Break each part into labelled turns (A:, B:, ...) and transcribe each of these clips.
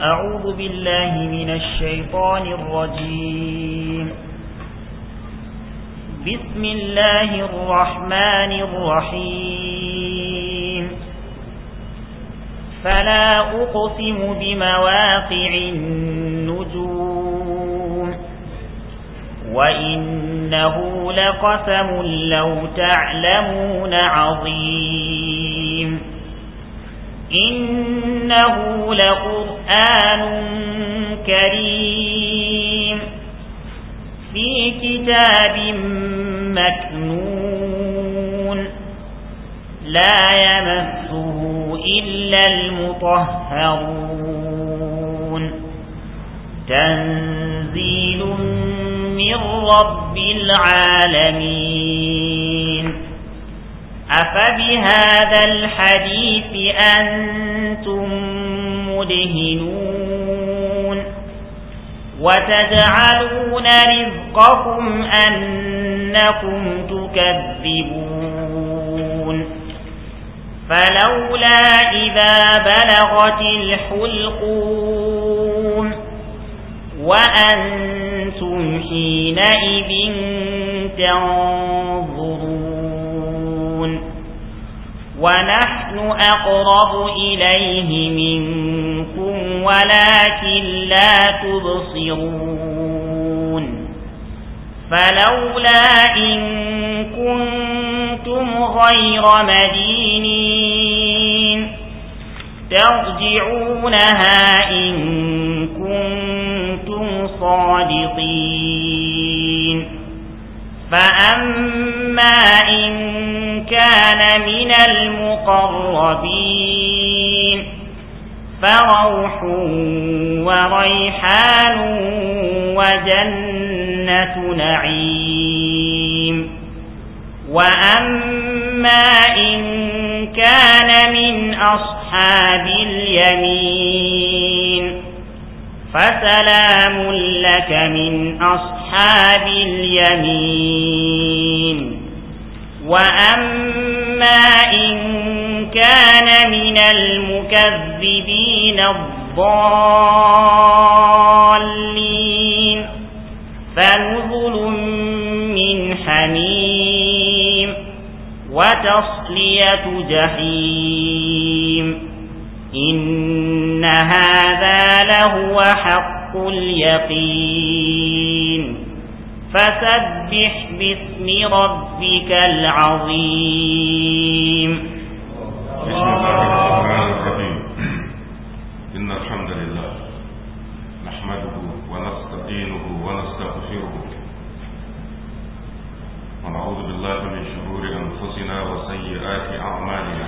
A: أعوذ بالله من الشيطان الرجيم بسم الله الرحمن الرحيم فلا أقسم بمواقع النجوم وإنه لقسم لو تعلمون عظيم إنه لقرآن كريم في كتاب مكنون لا يمسه إلا المطهرون تنزيل من رب العالمين أفبهذا الحديث أنتم مدهنون وتجعلون رزقكم أنكم تكذبون فلولا إذا بلغت الحلقون وأنتم حينئذ تنظرون ونحن أقرب إليه منكم ولكن لا تبصرون فلولا إن كنتم غير مدينين ترجعونها إن كنتم صادقين فأما إن كان من المقربين فروح وريحان وجنة نعيم وأما إن كان من أصحاب اليمين فسلام لك من أصحاب اليمين وأما إن كان من المكذبين الضالين فنزل من حميم وتصلية جحيم إن هذا لهو حق اليقين فسبح باسم ربك العظيم بسم الله الرحمن الرحيم إن
B: الحمد لله نحمده ونستعينه ونستغفره ونعوذ بالله من شرور أنفسنا وسيئات أعمالنا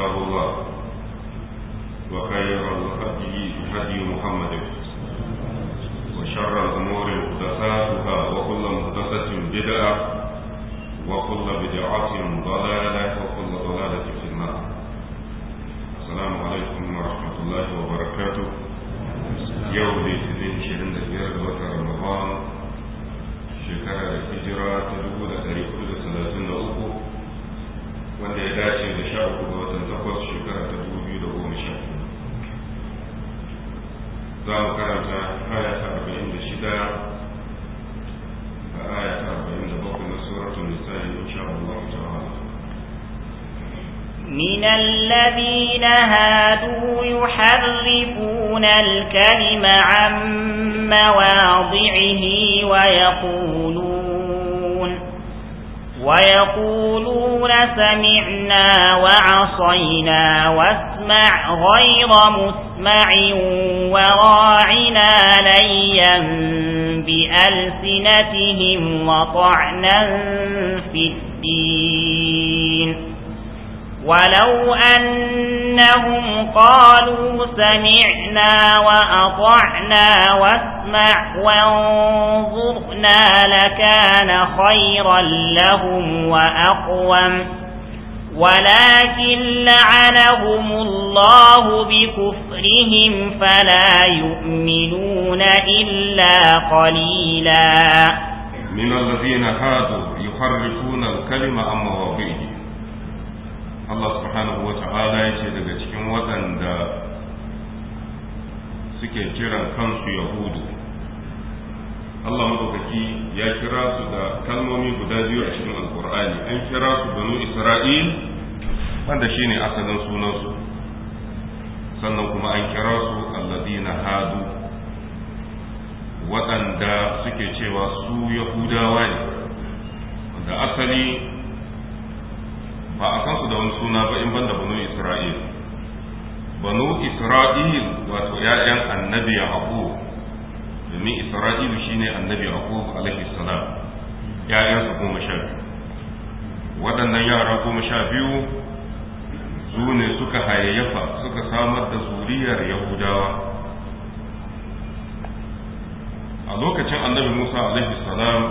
B: كتاب الله وخير الهدي هدي محمد وشر الأمور محدثاتها وكل محدثة بدعة وكل بدعة ضلالة وكل ضلالة في النار السلام عليكم ورحمة الله وبركاته يوم الاثنين شهر رمضان shekara da hijira ta dubu da ɗari hudu da talatin da uku wanda ya dace da sha uku ga watan takwas shekara ta dubu biyu da goma sha za mu karanta aya ta arba'in da shida da aya ta arba'in da bakwai na suratun
C: misali in sha Allah ta ta'ala
A: من الذين هادوا يحرفون الكلم عن مواضعه ويقولون ويقولون سمعنا وعصينا واسمع غير مسمع وراعنا ليا بألسنتهم وطعنا في الدين
C: ولو
A: أنهم قالوا سمعنا وأطعنا واسمع وانظرنا لكان خيرا لهم وأقوم ولكن لعنهم الله بكفرهم فلا يؤمنون إلا قليلا
B: من الذين هادوا يحرفون الكلمة عن مواضعه Allah subhanahu wa ta'ala ya ce daga cikin waɗanda suke kira kansu yahudu Allah mabukaki ya kira su da kalmomi guda biyu a cikin alkur'ani an kira su banu isra'il wanda shine asalin sunansu sannan kuma an kira su alladina hadu waɗanda suke cewa su yahudawa ne wanda asali ba a kansu da wani suna ba in banda banu isra'il banu isra'il wato ya'yan annabi yaqub domin isra'il shine annabi yaqub alaihi salam su goma sha biyu waɗannan yara goma sha biyu su ne suka hayayyafa suka samar da zuriyar yahudawa a lokacin annabi musa alaihi salam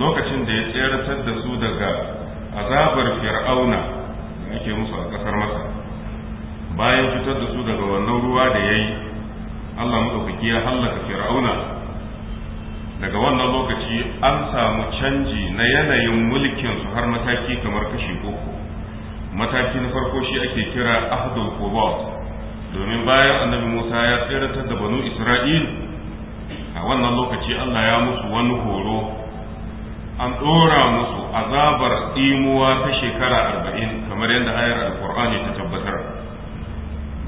B: lokacin da ya tsayar da su daga azabar fir'auna da musu a ƙasar masa bayan fitar da su daga wannan ruwa da yayi yi allah maɗaukaki ya hallaka fir'auna daga wannan lokaci an samu canji na yanayin mulkin su har mataki kamar kashi uku mataki na farko shi ake kira ahdul qubat domin bayan annabi musa ya tsiratar da banu isra'il a wannan lokaci allah ya musu wani horo an ɗora musu azabar imuwa ta shekara arba'in kamar yadda ayar alkur'ani ta tabbatar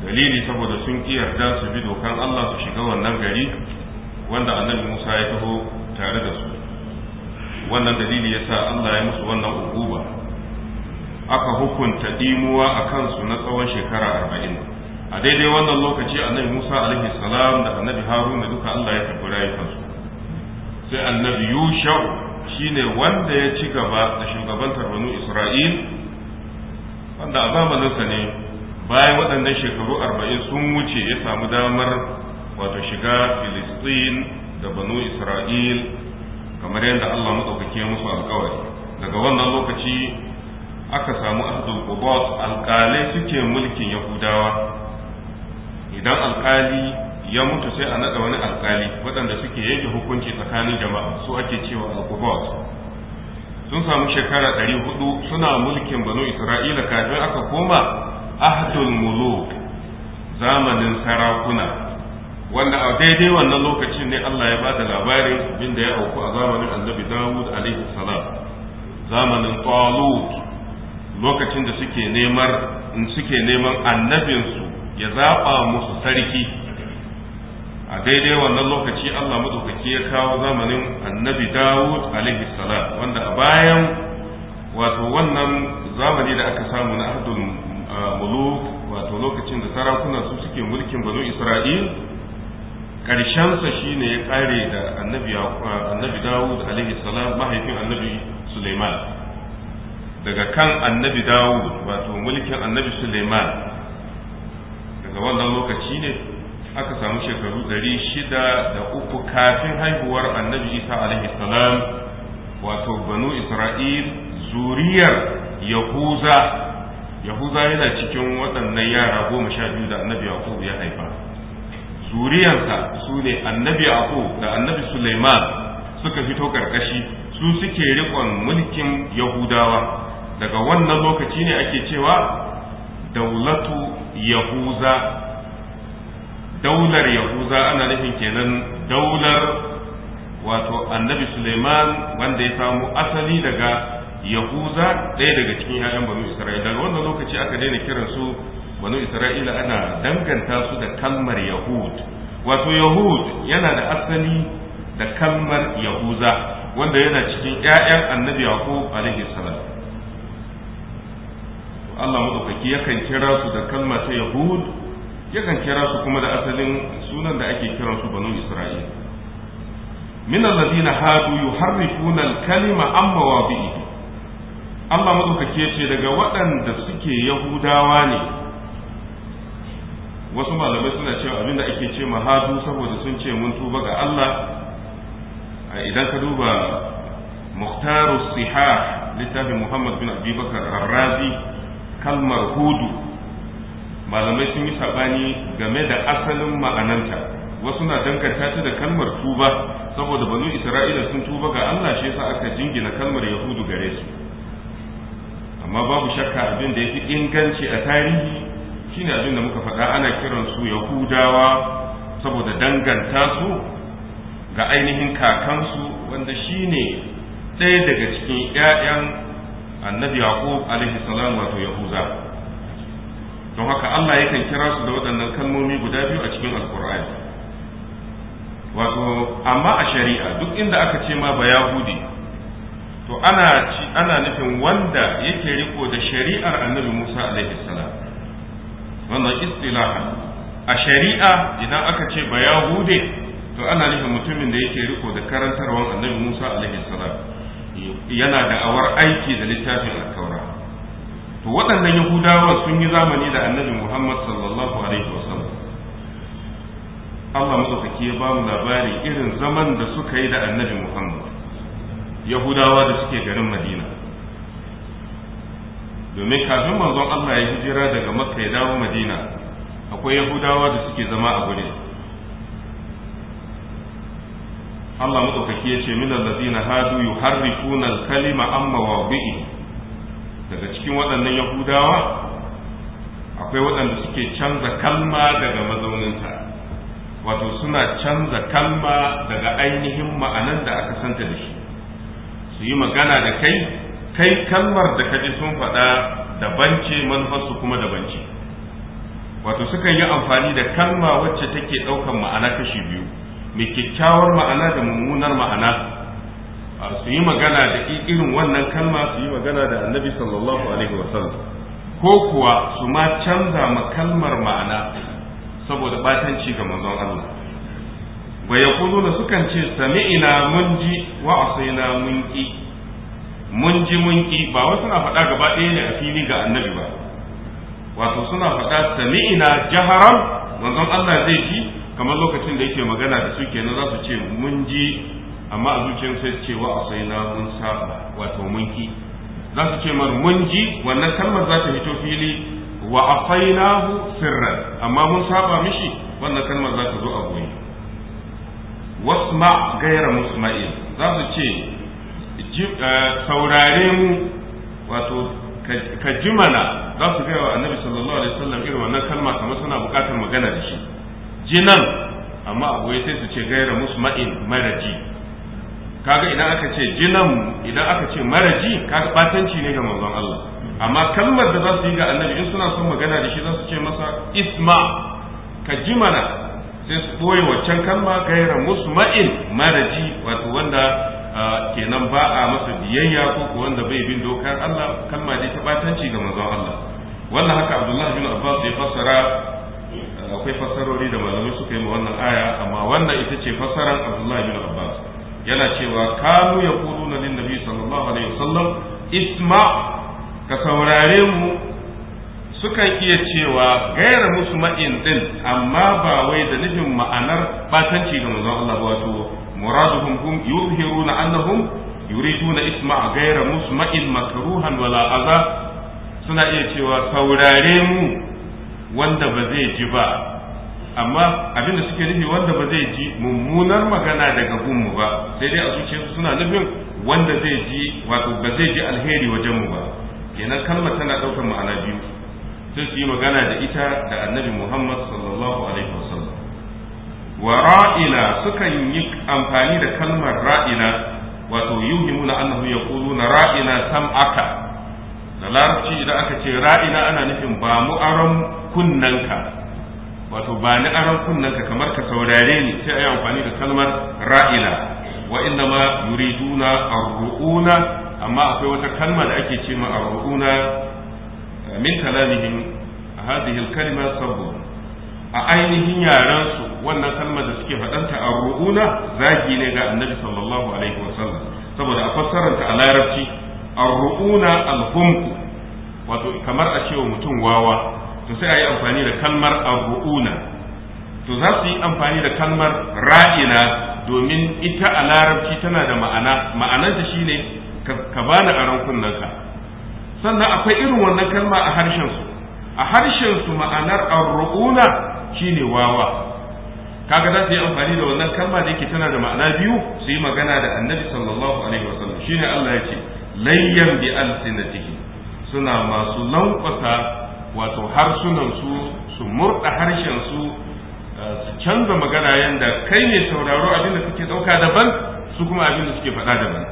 B: dalili saboda sun ƙi yarda su bi dokan Allah su shiga wannan gari wanda annabi Musa ya taho tare da su wannan dalili ya sa Allah ya musu wannan uquba aka hukunta ɗimuwa a kansu na tsawon shekara arba'in a daidai wannan lokaci annabi Musa alaihi salam da annabi Haruna duka Allah ya tabbara ya kansu sai annabi Yusha'u shine wanda ya ci gaba da shugabantar banu isra'il wanda a zamaninsa ne bayan waɗannan shekaru arba'in sun wuce ya samu damar wato shiga filistin da banu isra'il kamar yadda allah maɗaukake musu alkawari daga wannan lokaci aka samu ahdul su alƙalai suke mulkin yahudawa idan alƙali ya mutu sai a naɗa wani alƙali waɗanda suke yanke hukunci tsakanin jama'a su ake cewa alkubat sun samu shekara ɗari hudu suna mulkin banu isra'ila kafin aka koma ahdul muluk zamanin sarakuna wanda a daidai wannan lokacin ne Allah ya bada labarin abin da ya auku a zamanin annabi Dawud alaihi salam zamanin Talut lokacin da suke neman annabinsu ya zaɓa musu sarki a daidai wannan lokaci Allah madaukaki ya kawo zamanin annabi Dawud alaihi salam wanda a bayan wato wannan zamani da aka samu na ahdul muluk wato lokacin da sarakuna su suke mulkin banu Isra'il sa shine ya kare da annabi annabi Dawud alaihi salam mahaifin annabi Suleiman daga kan annabi Dawud wato mulkin annabi Suleiman daga wannan lokaci ne aka samu shekaru ɗari shida da uku kafin haihuwar annabi isa alaihi salam wato banu isra'il zuriyar yahuza yahuza yana cikin waɗannan yara goma sha biyu da annabi yaqub ya haifa zuriyarsa su ne annabi yaqub da annabi suleiman suka fito ƙarƙashi su suke riƙon mulkin yahudawa daga wannan lokaci ne ake cewa daulatu yahuza daular yahuza ana nufin kenan daular
A: wato annabi suleiman wanda ya samu asali daga yahuza ɗaya daga cikin 'ya'yan banu isra'ila daga wannan lokaci aka
B: daina kiran su banu isra'ila ana danganta su da kalmar yahud wato yahud yana da asali da kalmar yahuza wanda yana cikin 'ya'yan annabi yaqub alaihi salam Allah madaukaki yakan kira su da kalmar ta Yahud yakan kira su kuma da asalin sunan da ake kiran su banu isra'il min alladhina hadu yuharrifuna al-kalima amma Allah madaukake ce daga waɗanda suke yahudawa ne wasu malamai suna cewa abinda ake ce hadu saboda sun ce mun tuba ga Allah idan ka duba muhtaru sihah littafin Muhammad bin Abi Bakar razi kalmar hudu malamai sun yi sabani game da asalin ma'ananta wasu na danganta ta da kalmar tuba saboda banu isra'ila sun tuba ga Allah shi yasa aka jingina kalmar yahudu gare su amma babu shakka abin da fi inganci a tarihi shine abin da muka faɗa ana kiran su yahudawa saboda danganta su ga ainihin kakansu wanda shine ɗaya daga cikin 'ya'yan annabi yaqub alaihi salam wato yahuza don haka Allah yakan kira su da waɗannan kalmomi guda biyu a cikin alkur'ani wato amma a shari'a duk inda aka ce ma ba yahudi to ana ana nufin wanda yake riko da shari'ar annabi Musa alaihi salam wannan istilaha a shari'a idan aka ce ba yahudi to ana nufin mutumin da yake riko da karantarwar annabi Musa alaihi salam yana da awar aiki da littafin alkawar to waɗannan yahudawa sun yi zamani da annabi muhammad sallallahu alaihi wasallam allah maɗaukaki ya ba mu labari irin zaman da suka yi da annabi muhammad yahudawa da suke garin madina domin kafin manzon allah ya hijira daga makka ya dawo madina akwai yahudawa da suke zama a guri Allah maɗaukaki ya ce min allazina hadu yuharrifuna al-kalima amma wa bihi daga cikin waɗannan yahudawa akwai waɗanda suke canza kalma daga mazauninta wato suna canza kalma daga ainihin ma'anan da aka santa da shi su yi magana da kai kai kalmar da kaji sun faɗa daban ce manufarsu kuma da ce wato sukan yi amfani da kalma wacce take ɗaukar ma'ana kashi biyu mai kyakkyawar ma'ana da mummunar ma'ana su yi magana da irin wannan kalma su yi magana da annabi sallallahu alaihi wa sallam, ko kuwa su ma canza ma kalmar ma'ana saboda batanci ga manzon Allah wa yaquluna sukan ce sami'ina mun ji wa asaina mun ki mun ba wasu na faɗa gaba ɗaya ne a fili ga annabi ba wato suna faɗa sami'ina jaharan manzon Allah zai ji kamar lokacin da yake magana da su kenan za su ce munji. amma a zuciyar sai ce wa sai na mun saba wato mun ki za su ce mar mun ji wannan kalmar za ta fito fili wa sai na sirra amma mun saba mishi wannan kalmar za ta zo a goyi wasma gaira musma'il za su ce eh, saurare mu wato ka ji mana za su gaya wa annabi sallallahu alaihi wasallam irin wannan kalma kamar suna bukatar magana da shi jinan amma a goyi sai su ce gaira musma'il mara ji kaga idan aka ce jinan idan aka ce maraji kaga batanci ne ga manzon Allah amma kalmar da za su yi ga annabi in suna son magana da shi za su ce masa isma ka ji mana sai su ɓoye waccan kalma gaira musma'in maraji wato wanda kenan ba a masa biyayya ko ko wanda bai bin dokar Allah kalma dai ta batanci ga manzon Allah wannan haka Abdullah bin Abbas ya fassara akwai fassarori da malamai suka yi ma wannan aya amma wannan ita ce fassarar Abdullah bin Abbas yana cewa kanu ya kudu na nabi sallallahu alaihi wasallam isma ka saurare mu sukan iya cewa gaira musu ma'in din amma ba wai da nufin ma'anar batanci ga manzon Allah ba wato muraduhum hum yuzhiruna annahum yuriduna isma gaira musu ma'in makruhan wala aza suna iya cewa saurare mu wanda ba zai ji ba amma abin da suke nufi wanda ba zai ji mummunar magana daga gunmu ba sai dai a zuciyarsu suna nufin wanda zai ji wato ba zai ji alheri wajen mu ba kenan kalmar tana ɗaukar ma'ana biyu sai su yi magana da ita da annabi muhammad sallallahu alaihi wasallam wa ra'ina sukan yi amfani da kalmar ra'ina wato yuhimuna annahu na ra'ina aka da larabci idan aka ce ra'ina ana nufin ba mu aron kunnanka wato ba ni kunnen ka kamar ka saurare ni sai ayi amfani da kalmar ra'ila wa inna ma yuriduna ar-ru'una amma akwai wata kalma da ake ce ma ar-ru'una eh, min kalamihim hadhihi al-kalima a ainihin yaran su wannan kalma da suke fadanta ar-ru'una zagi ne ga annabi sallallahu alaihi sallam saboda a fassaranta a larabci ar-ru'una al-humq wato kamar a cewa mutum wawa to sai a yi amfani da kalmar abu'una to za su yi amfani da kalmar ra'ina domin ita a larabci tana da ma'ana shi shine ka bani aron kunnanka sannan akwai irin wannan kalma a harshen su a harshen su ma'anar arru'una shine wawa kaga za su yi amfani da wannan kalma da yake tana da ma'ana biyu su yi magana da annabi sallallahu alaihi wasallam shine Allah ya ce layyan bi alsinatihi suna masu lankwasa wato harsunansu su su murda harshen eh, su canza magana yanda kai ne sauraro abin da suke dauka daban su kuma abin da suke faɗa daban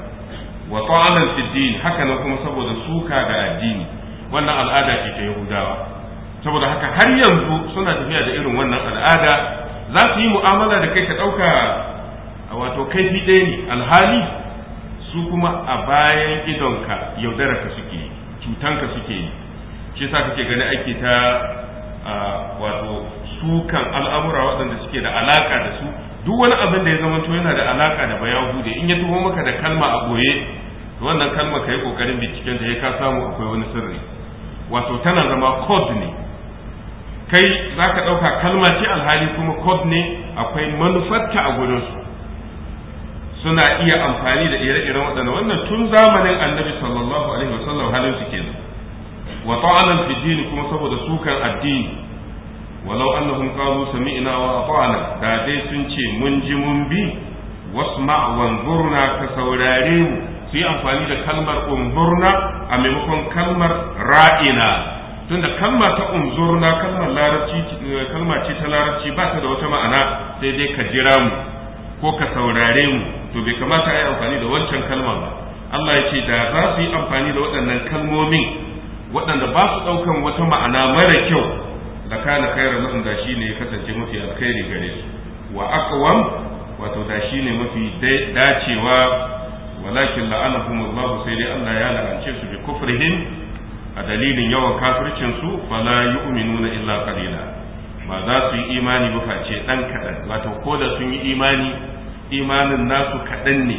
B: wa ta'alan siddin haka nan kuma saboda suka ga addini wannan al'ada ce ta yahudawa saboda haka har yanzu suna tafiya da irin wannan al'ada za su yi mu'amala da kai ka dauka wato kaifi ɗaya ne alhali su kuma a bayan idonka yaudararka suke cutanka suke yi shi yasa kake gani ake ta wato sukan al'amura waɗanda suke da alaka da su duk wani abin da ya zama yana da alaka da bude in ya tuho maka da kalma a goye wannan kalma yi ƙoƙarin binciken da ya ka samu akwai wani sirri wato tana zama code ne kai za ka ɗauka kalma ce alhali kuma code ne akwai manufarta a gurinsu suna iya amfani da ire-iren waɗanda wannan tun zamanin annabi sallallahu alaihi wasallam halin su kenan wa ta'anan fi kuma saboda sukan addini walau annahum qalu sami'na wa ata'na da dai sun ce mun ji mun bi wasma wanzurna ka saurare mu su yi amfani da kalmar unzurna a maimakon kalmar ra'ina tunda kalma ta unzurna kalmar larabci kalma ce ta larabci ba ta da wata ma'ana sai dai ka jira mu ko ka saurare mu to bai kamata a yi amfani da wancan kalma ba Allah ya ce da za su yi amfani da waɗannan kalmomin waɗanda ba su ɗaukan wata ma'ana mara kyau da kana khairan lahum da ne ya kasance mafi alkhairi gare su wa aqwam wato da shine mafi dacewa walakin la'anahum Allah sai dai Allah ya la'ance su bi kufrihim a dalilin yawan la su fala na illa kalila ba za su yi imani ba face dan kaɗan, wato ko da sun yi imani imanin nasu kaɗan ne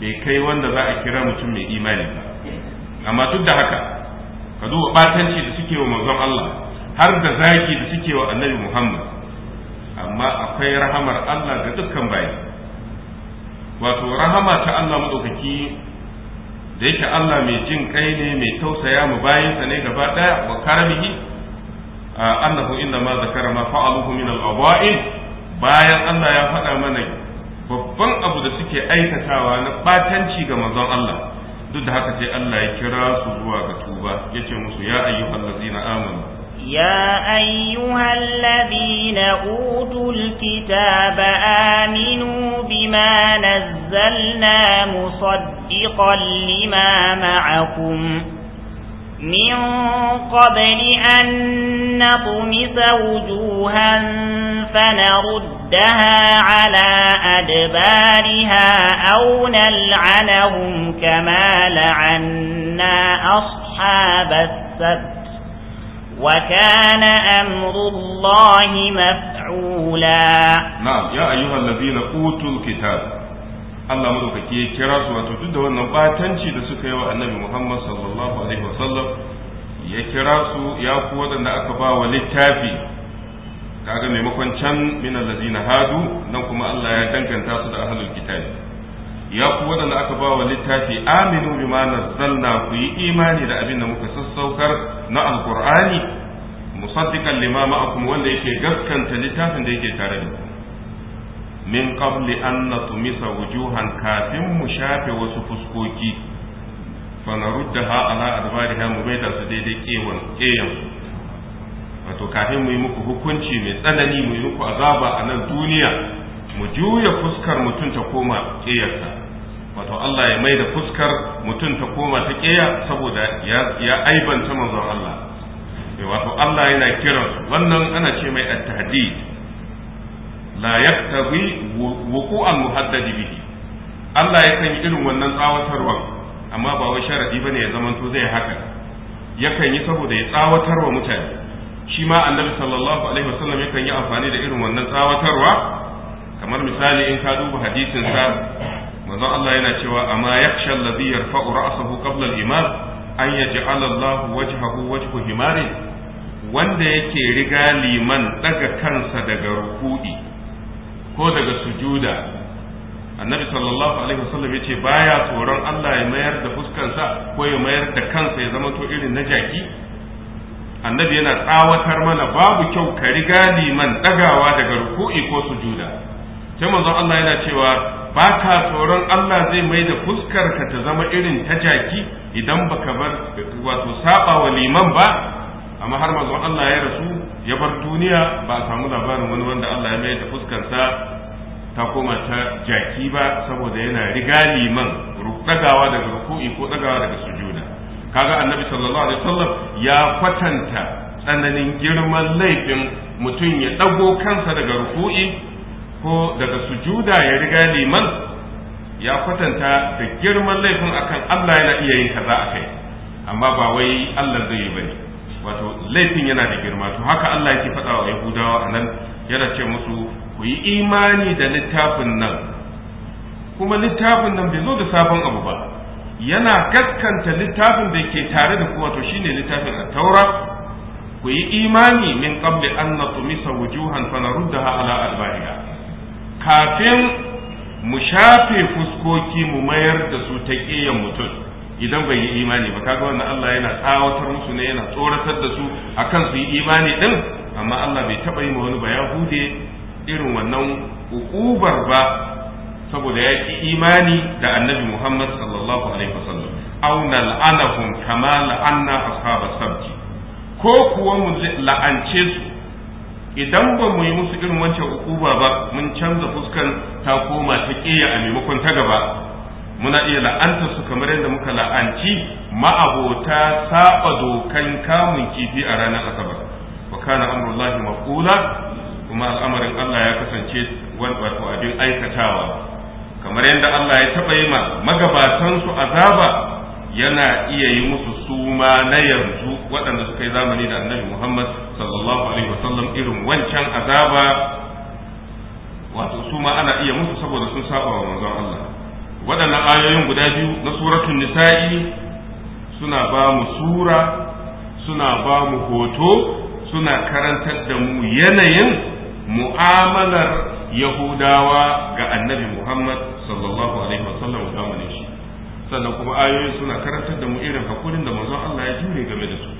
B: bai kai wanda za a kira mutum mai imani ba amma duk da haka ka duba batanci da suke wa manzon Allah har da zaki da suke wa annabi Muhammad amma akwai rahamar Allah ga dukkan bayi wato rahama ta Allah madaukaki da yake Allah mai jin kai ne mai tausaya mu bayinsa ne gaba daya wa karamihi annahu inna ma zakara ma fa'aluhu min al bayan Allah ya faɗa mana babban abu da suke aikatawa na batanci ga manzon Allah duk da haka sai Allah ya kira su zuwa ga tuba yace musu ya ayyuhal ladina amanu
A: ya ayyuhal ladina أوتوا kitaba aminu bima nazzalna musaddiqan lima ma'akum من قبل أن نطمس وجوها فنردها على أدبارها أو نلعنهم كما لعنا أصحاب السبت وكان أمر الله مفعولا
B: نعم يا أيها الذين أوتوا الكتاب Allah madaukaki ya kira su wato duk da wannan batanci da suka yi wa annabi Muhammad sallallahu alaihi sallam ya kira su ya ku waɗanda aka ba wa littafi kaga maimakon can min allazina hadu nan kuma Allah ya danganta su da ahlul kitabi ya ku waɗanda aka ba wa littafi aminu bima nazzalna ku yi imani da abin da muka sassaukar na alqur'ani musaddiqan lima ma'akum wanda yake gaskanta littafin da yake tare da ku min qabli an natumisa wujuhan kafin mu shafe wasu fuskoki fa naruddaha ala adbariha mu maida su daidai kewan keyan wato kafin mu yi muku hukunci mai tsanani mu yi muku azaba a nan duniya mu juya fuskar mutum ta koma keyarsa wato Allah ya maida fuskar mutum ta koma ta keya saboda ya aibanta manzon Allah wato Allah yana kiran wannan ana ce mai at-tahdid la yaktabi wuqu'an muhaddadi bihi Allah ya kan irin wannan tsawatarwa amma ba wai sharadi bane ya zamanto zai haka yakan yi saboda ya tsawatarwa mutane shi ma annabi sallallahu alaihi wasallam yakan yi amfani da irin wannan tsawatarwa kamar misali in ka duba hadisin sa manzo Allah yana cewa amma yakhsha alladhi yarfa'u ra'sahu qabla al-imam an yaj'ala Allah wajhahu wajhu himari wanda yake riga liman daga kansa daga ruku'i ko daga sujuda annabi sallallahu alaihi wasallam yace baya tsoron Allah ya mayar da fuskansa ko ya mayar da kansa ya zama to irin na jaki annabi yana tsawatar mana babu kyau ka riga liman dagawa daga ruku'i ko sujuda sai manzon Allah yana cewa ba ka tsoron Allah zai mai da fuskarka ta zama irin ta jaki idan baka bar wato saba wa liman ba amma har manzon Allah ya rasu ya bar duniya ba a samu labarin wani wanda Allah ya mai da fuskarsa ta koma ta jaki ba saboda yana riga liman rukdagawa daga ruku'i ko dagawa daga sujuda kaga annabi sallallahu alaihi wasallam ya kwatanta tsananin girman laifin mutum ya dago kansa daga ruku'i ko daga sujuda ya riga liman ya kwatanta da girman laifin akan Allah yana iya yin kaza a kai amma ba wai Allah zai yi bane wato laifin yana da girma to haka Allah yake faɗa wa Yahudawa anan yana ce musu ku yi imani da littafin nan kuma littafin nan bai zo da sabon abu ba yana gaskanta littafin da ke tare da ku wato shine littafin taura ku yi imani min qabli an natumisa wujuhan fa naruddaha ala albaniha kafin mu shafe fuskoki mu mayar da su ta ƙeyan mutum idan bai yi imani ba kaga wannan Allah yana tsawatar musu ne yana tsoratar da su akan su yi imani din amma Allah bai taba yi ma wani ba yahude irin wannan ukubar ba saboda ya ki imani da annabi Muhammad sallallahu alaihi wasallam aw nal'anahum kama la'anna ashabas sabti ko kuwa mu la'ance su idan ba mu yi musu irin wancan ukuba ba mun canza fuskan ta koma ta kiyaye a maimakon ta gaba muna iya la'anta su kamar yadda muka la'anci ma'abota saba dokan kamun kifi a ranar asabar wa kana amrullahi maqula kuma al'amarin Allah ya kasance wato abin aikatawa kamar yadda Allah ya taba yi ma magabatan su azaba yana iya yi musu suma na yanzu waɗanda suka yi zamani da annabi Muhammad sallallahu alaihi wasallam irin wancan azaba wato suma ana iya musu saboda sun saba wa manzon Allah ayoyin guda biyu na suratun nisa'i suna ba mu sura suna ba mu hoto suna karantar da mu yanayin mu'amalar yahudawa ga annabi muhammad sallallahu alaihi wasallam da zamanin shi sannan kuma ayoyin suna karantar da mu irin hakurin da manzon Allah ya jure game da su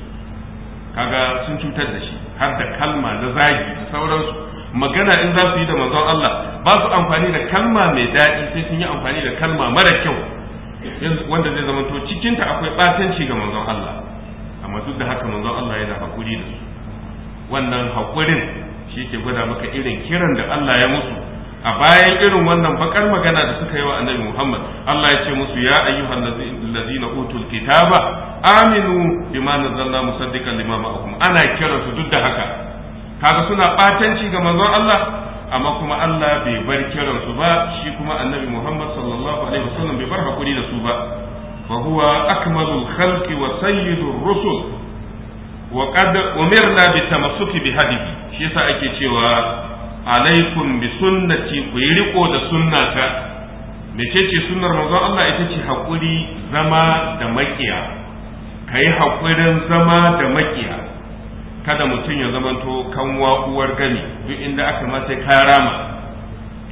B: kaga sun cutar da shi har da kalma na zagi da sauransu magana in za su yi da manzon Allah ba su amfani da kalma mai daɗi sai sun yi amfani da kalma mara kyau wanda zai zamanto cikinta akwai batanci ga manzon Allah amma duk da haka manzon Allah yana hakuri da su wannan hakurin shi ke gwada maka irin kiran da Allah ya musu a bayan irin wannan bakar magana da suka yi wa annabi Muhammad Allah ya ce musu ya ayyuhal ladzina utul kitaba aminu bima nazzalna musaddiqan lima ma'akum ana kiransu duk da haka kaga suna ɓatanci ga manzon Allah amma kuma Allah bai bar kiran su ba shi kuma annabi Muhammad sallallahu alaihi wasallam bai bar hakuri da su ba fa huwa akmalul khalqi wa sayyidur rusul wa qad umirna bi tamassuki bi hadihi shi yasa ake cewa alaikum bi sunnati ku yi riko da sunnata mecece sunnar manzon Allah ita ce hakuri zama da makiya kai hakurin zama da makiya kada mutum ya zamanto kanwa uwar gani duk inda aka ma sai ka rama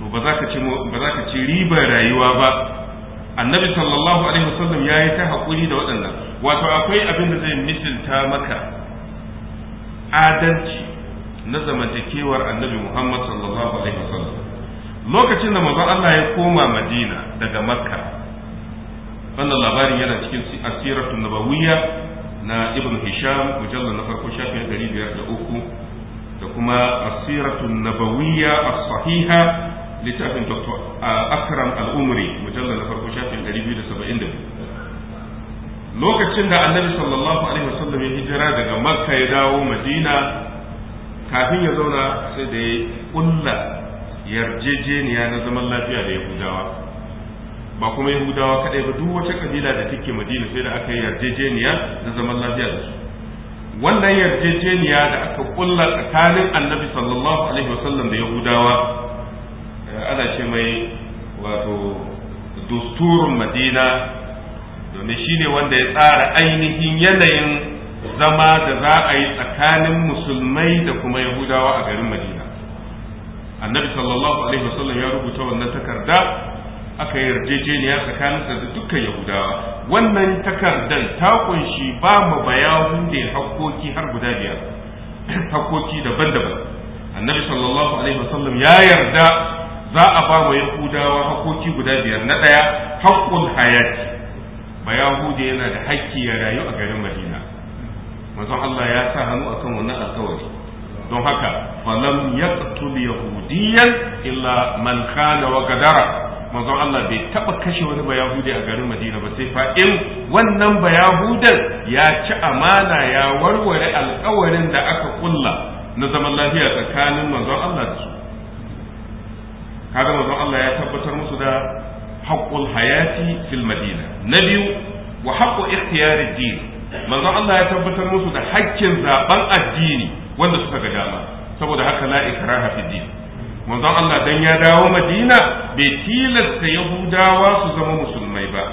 B: to ba za ka ci ba ribar rayuwa ba annabi sallallahu alaihi wasallam ya yi ta hakuri da waɗannan wato akwai abin da zai misilta maka adalci na zamantakewar annabi muhammad sallallahu alaihi wasallam lokacin da manzon Allah ya koma Madina daga Makka wannan labarin yana cikin asiratun nabawiyya na ibn hisham mujallar na farko shafin ɗari biyar da uku da kuma asiratun nabawiyya as-sahiha littafin dr akram al-umri mujallar na farko shafin ɗari biyu da saba'in da lokacin da annabi sallallahu alaihi wasallam ya hijira daga makka ya dawo madina kafin ya zauna sai da ya ƙulla yarjejeniya na zaman lafiya da yahudawa ba kuma yahudawa kadai ba duk wata kabila da take madina sai da aka yi yarjejeniya da zaman lafiya da su wannan yarjejeniya da aka kulla tsakanin annabi sallallahu alaihi wasallam da yahudawa eh, ana ce mai wato dusturun madina domin shi ne wanda ya tsara ainihin yanayin zama da za a yi tsakanin musulmai da kuma yahudawa a garin madina annabi sallallahu alaihi wasallam ya rubuta wannan takarda aka yi yarjejeniya tsakaninsa da dukkan yahudawa wannan takardar ta kunshi ba mu bayahu ne hakkoki har guda biyar hakkoki daban-daban annabi sallallahu alaihi wasallam ya yarda za a ba wa yahudawa hakkoki guda biyar na ɗaya haƙƙun hayati bayahude yana da haƙƙi ya rayu a garin madina manzon Allah ya sa hannu akan wannan alkawari don haka falam yaqtul yahudiyan illa man kana wa gadara manzon Allah bai taba kashe wani bayahudi a garin Madina ba sai fa wannan wannan bayahudan ya ci amana ya warware alkawarin da aka kulla na zaman lafiya tsakanin manzon Allah da su kaga manzon Allah ya tabbatar musu da haqqul hayati fil madina na biyu wa haqqu ikhtiyari din manzon Allah ya tabbatar musu da haƙƙin zaben addini wanda suka ga dama saboda haka la ikraha fid din manzon Allah dan ya dawo Madina bai tilasta Yahudawa su zama musulmai ba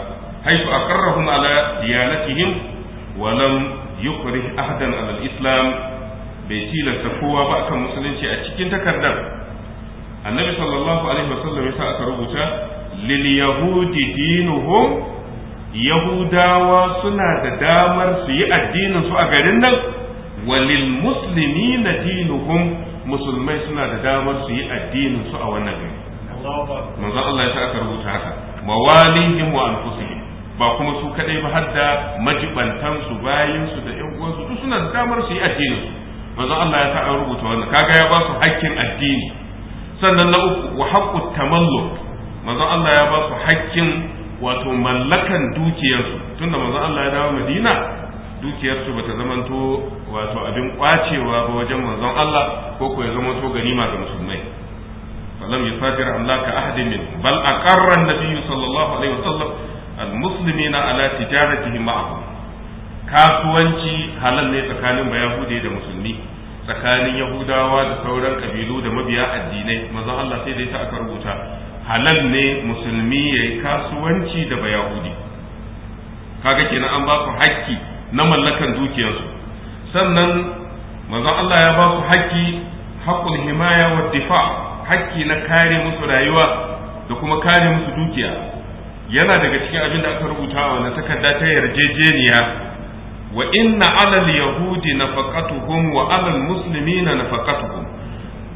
B: haifu aqarrahum ala diyanatihim wa lam ahadan ala islam bai tilasta kowa ba kan musulunci a cikin takardar annabi sallallahu alaihi wasallam yasa aka rubuta lil yahudi dinuhum yahudawa suna da damar su yi addinin su a garin nan walil muslimina dinuhum musulmai suna da damar su yi addinin su a wannan gari manzo Allah ya sa aka rubuta haka mawalihim wa anfusihim ba kuma su kadai ba har da majibantan su bayin su da ƴan uwan su duk suna da damar su yi addinin su manzo Allah ya sa an rubuta wannan kaga ya ba su hakkin addini sannan na uku wa haqqu tamalluk manzo Allah ya ba su hakkin wato mallakan dukiyarsu tunda manzo Allah ya dawo Madina dukiyarsu bata zamanto wato abin kwacewa ba wajen manzon Allah ko ko ya zamanto ganima ga musulmai falam yusafir amlaka ahadin min bal aqarra an-nabiy sallallahu alaihi wasallam al-muslimina ala tijaratihim ma'ahum kasuwanci halal ne tsakanin bayahudi da musulmi tsakanin yahudawa da sauran kabilu da mabiya addinai manzon Allah sai dai ta aka rubuta halal ne musulmi yayi kasuwanci da bayahudi kaga kenan an ba ku hakki na mallakar dukiyarsu sannan manzon Allah ya ba su haƙƙi haƙƙul himaya wa difa haƙƙi na kare musu rayuwa da kuma kare musu dukiya yana daga cikin abin da aka rubuta wa na takarda ta yarjejeniya wa inna alal yahudi nafaqatuhum wa alal muslimina nafaqatuhum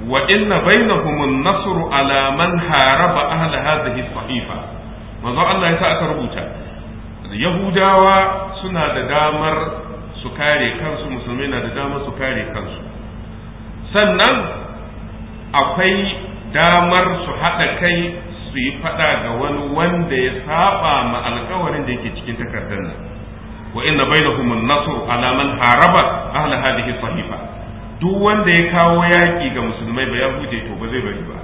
B: wa inna bainahum an-nasru ala man haraba ahla hadhihi as-sahifa manzo Allah ya sa aka rubuta yahudawa suna da damar su kare kansu musulmai na da damar su kare kansu sannan akwai damar su haɗa kai su yi faɗa ga wani wanda ya saba ma alkawarin da yake cikin takardar nan wa inna bainahum an-nasr ala man haraba ahla hadhihi sahifa duk wanda ya kawo yaki ga musulmai ba yahudi to ba zai bari ba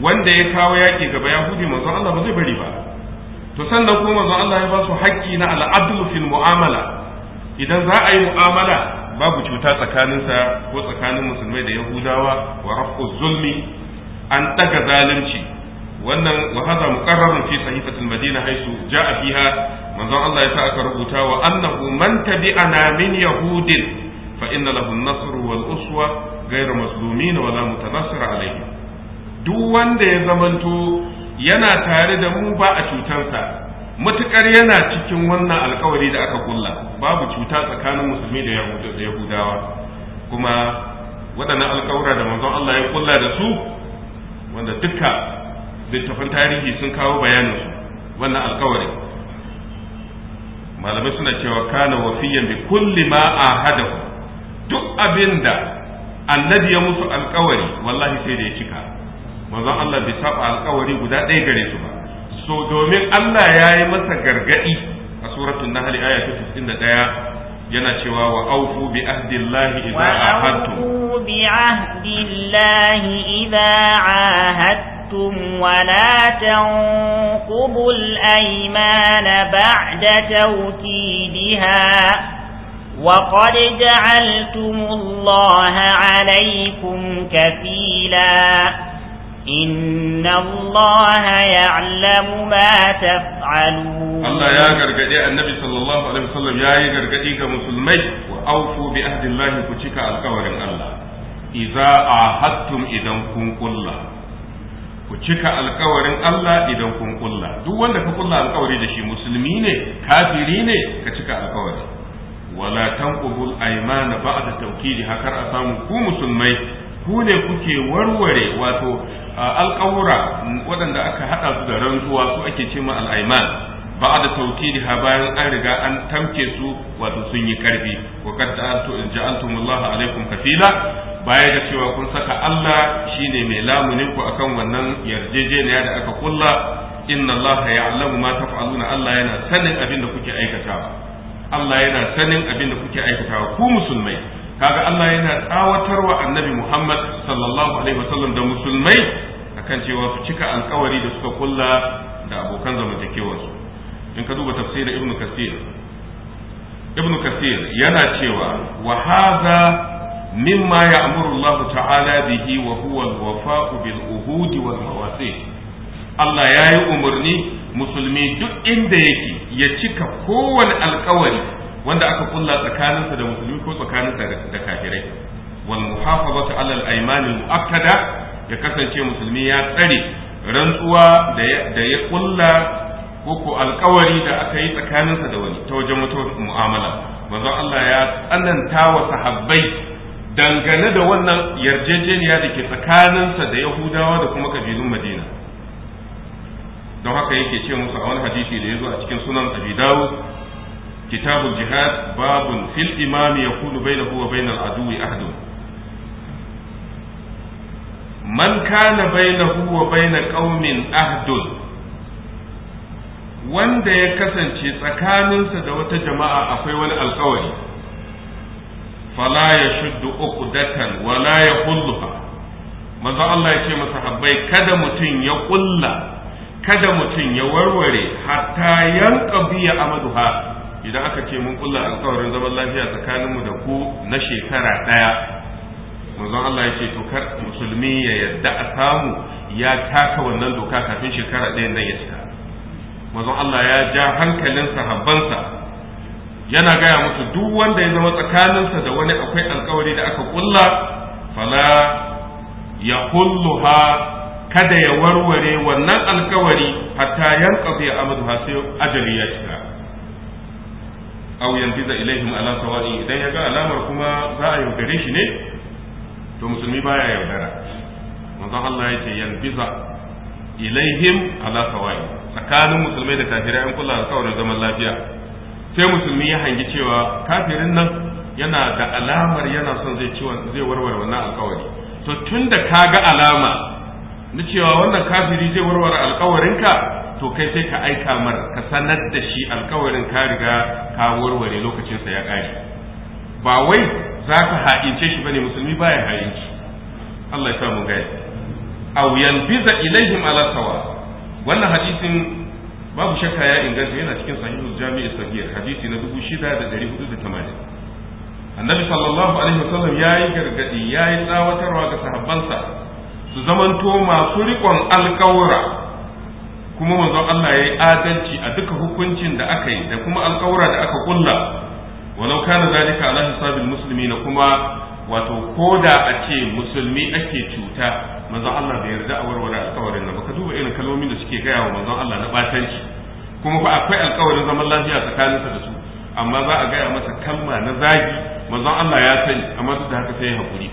B: wanda ya kawo yaki ga ba yahudi manzo Allah ba zai bari ba to sannan kuma manzon Allah ya ba su haƙƙi na al'adlu fil mu'amala idan za a yi mu'amala babu cuta tsakaninsa ko tsakanin musulmai da yahudawa wa rafqu zulmi an daga zalunci wannan wa hada muqarrarun fi sahifatil madina haisu ja'a fiha manzon Allah ya sa aka rubuta wa annahu man tabi'ana min yahudin fa inna lahu an-nasr wal uswa ghayr mazlumin wala mutanassir alayhi duk wanda ya zamanto yana tare da mu ba a sa. matukar yana cikin wannan alkawari da aka kulla babu cuta tsakanin musulmi da yahudawa kuma waɗannan alkawura da manzon Allah ya kulla da su wanda duka littafin tarihi sun kawo bayanin su wannan alkawari malamai suna cewa kana wafiyan bi kulli ma ahadahu duk abinda annabi ya musu alkawari wallahi sai da ya cika manzon Allah bai saba alkawari guda ɗaya gare su ba so domin Allah ya yi masa gargaɗi. a suratun nahl aya ta 61 yana cewa wa aufu bi ahdillahi idza ahadtum
A: wa bi ahdillahi idza ahadtum أَحَدتُّمْ وَلَا تَنقُضُوا الْأَيْمَانَ بَعْدَ تَوْكِيدِهَا وَقَدْ جَعَلْتُمُ اللَّهَ عَلَيْكُمْ كَفِيلًا إن الله يعلم ما تفعلون الله يا
B: غرغدي النبي صلى الله عليه وسلم يا غرغدي كمسلمي وأوفوا بأهد الله كتشك الكور الله إذا عاهدتم إذا كن كلا ku cika alkawarin Allah idan kun ƙulla. duk wanda ka kulla alkawari da shi musulmi ne kafiri ne ka cika alkawari wala tanqubul ba'a da tawkidi hakar a samu ku musulmai ku ne kuke warware wato alƙawura waɗanda aka haɗa su da rantsuwa su ake ce ma al'aiman ba da da bayan an riga an tamke su wato sun yi karfi wa kad ja'altumullah alaikum kafila baya da cewa kun saka Allah shine mai lamunin ku akan wannan yarjejeniya da aka kulla inna Allah ya'lamu ma taf'aluna Allah yana sanin abin da kuke aikatawa Allah yana sanin abin da kuke aikatawa ku musulmai kaga Allah yana tsawatarwa annabi Muhammad sallallahu alaihi wasallam da musulmai akan cewa su cika alkawari da suka kulla da abokan zamantakewarsu in ka duba tafsirin Ibn Kathir Ibn Kathir yana cewa wa hadha mimma ya'muru Allah ta'ala bihi wa huwa al-wafa'u bil uhudi wal mawasi Allah yayi umarni musulmi duk inda yake ya cika kowane alkawari wanda aka kulla tsakaninsa da musulmi ko tsakaninsa da kafirai wal muhafazatu ala al aymani al muakkada ya kasance musulmi ya tsare rantsuwa da ya kulla ko ko alkawari da aka yi tsakaninsa da wani ta wajen wata mu'amala manzo Allah ya tsananta wa sahabbai dangane da wannan yarjejeniya da ke tsakaninsa da Yahudawa da kuma kabilun Madina don haka yake ce musu a wani hadisi da ya zo a cikin sunan Abi كتاب الجهاد باب في الإمام يكون بينه وبين العدو أحد من كان بينه وبين قوم أحد wanda ya kasance tsakaninsa da wata jama'a akwai wani alkawari fala ya shuddu uku datan, wala ya hulluha Maza Allah ya ce masahabbai kada mutum ya kulla kada mutum ya warware hatta Amadu amaduha idan aka ce mun kulla alkawarin zaman lafiya tsakaninmu da ku na shekara ɗaya manzon Allah ya ce to kar musulmi ya yadda a samu ya taka wannan doka kafin shekara ɗaya nan ya cika manzon Allah ya ja hankalin sahabbansa yana gaya musu duk wanda ya zama tsakaninsa da wani akwai alkawari da aka kulla fala ya kulluha kada ya warware wannan alkawari hatta yanqadi amadu sai ajali ya cika aw yanfiza ilaihim ala sawa'i idan ya ga alamar kuma za a yaudare shi ne to musulmi baya yaudara manzo Allah ya ce yanfiza ilaihim ala sawa'i tsakanin musulmai da kafirai an kula da kawai zaman lafiya sai musulmi ya hangi cewa kafirin nan yana da alamar yana son zai zai warware wannan alkawari to tunda ka ga alama na cewa wannan kafiri zai warware alkawarinka to kai sai ka aika mar ka sanar da shi alkawarin ka riga ka warware lokacinsa ya ƙare ba wai za ka haƙince shi bane musulmi baya haƙince. Allah ya samu gaya aw yanbiza ilaihim ala sawa wannan hadisin babu shakka ya inganta yana cikin sahihul jami'i sahih hadisi na 6480 annabi sallallahu alaihi wasallam yayi gargadi yayi tsawatarwa ga sahabbansa su zamanto masu riƙon alkawura kuma manzon Allah ya yi adalci a duka hukuncin da aka yi da kuma alkawura da aka kulla walau kana zalika ala hisabil musulmi na kuma wato koda a ce musulmi ake cuta manzon Allah bai yarda a warware alkawarin nan ba ka duba irin kalmomin da suke gaya wa manzon Allah na batanci kuma ba akwai alkawarin zaman lafiya tsakanin sa da su amma za a gaya masa kalma na zagi manzon Allah ya sani amma duk da haka sai ya hakuri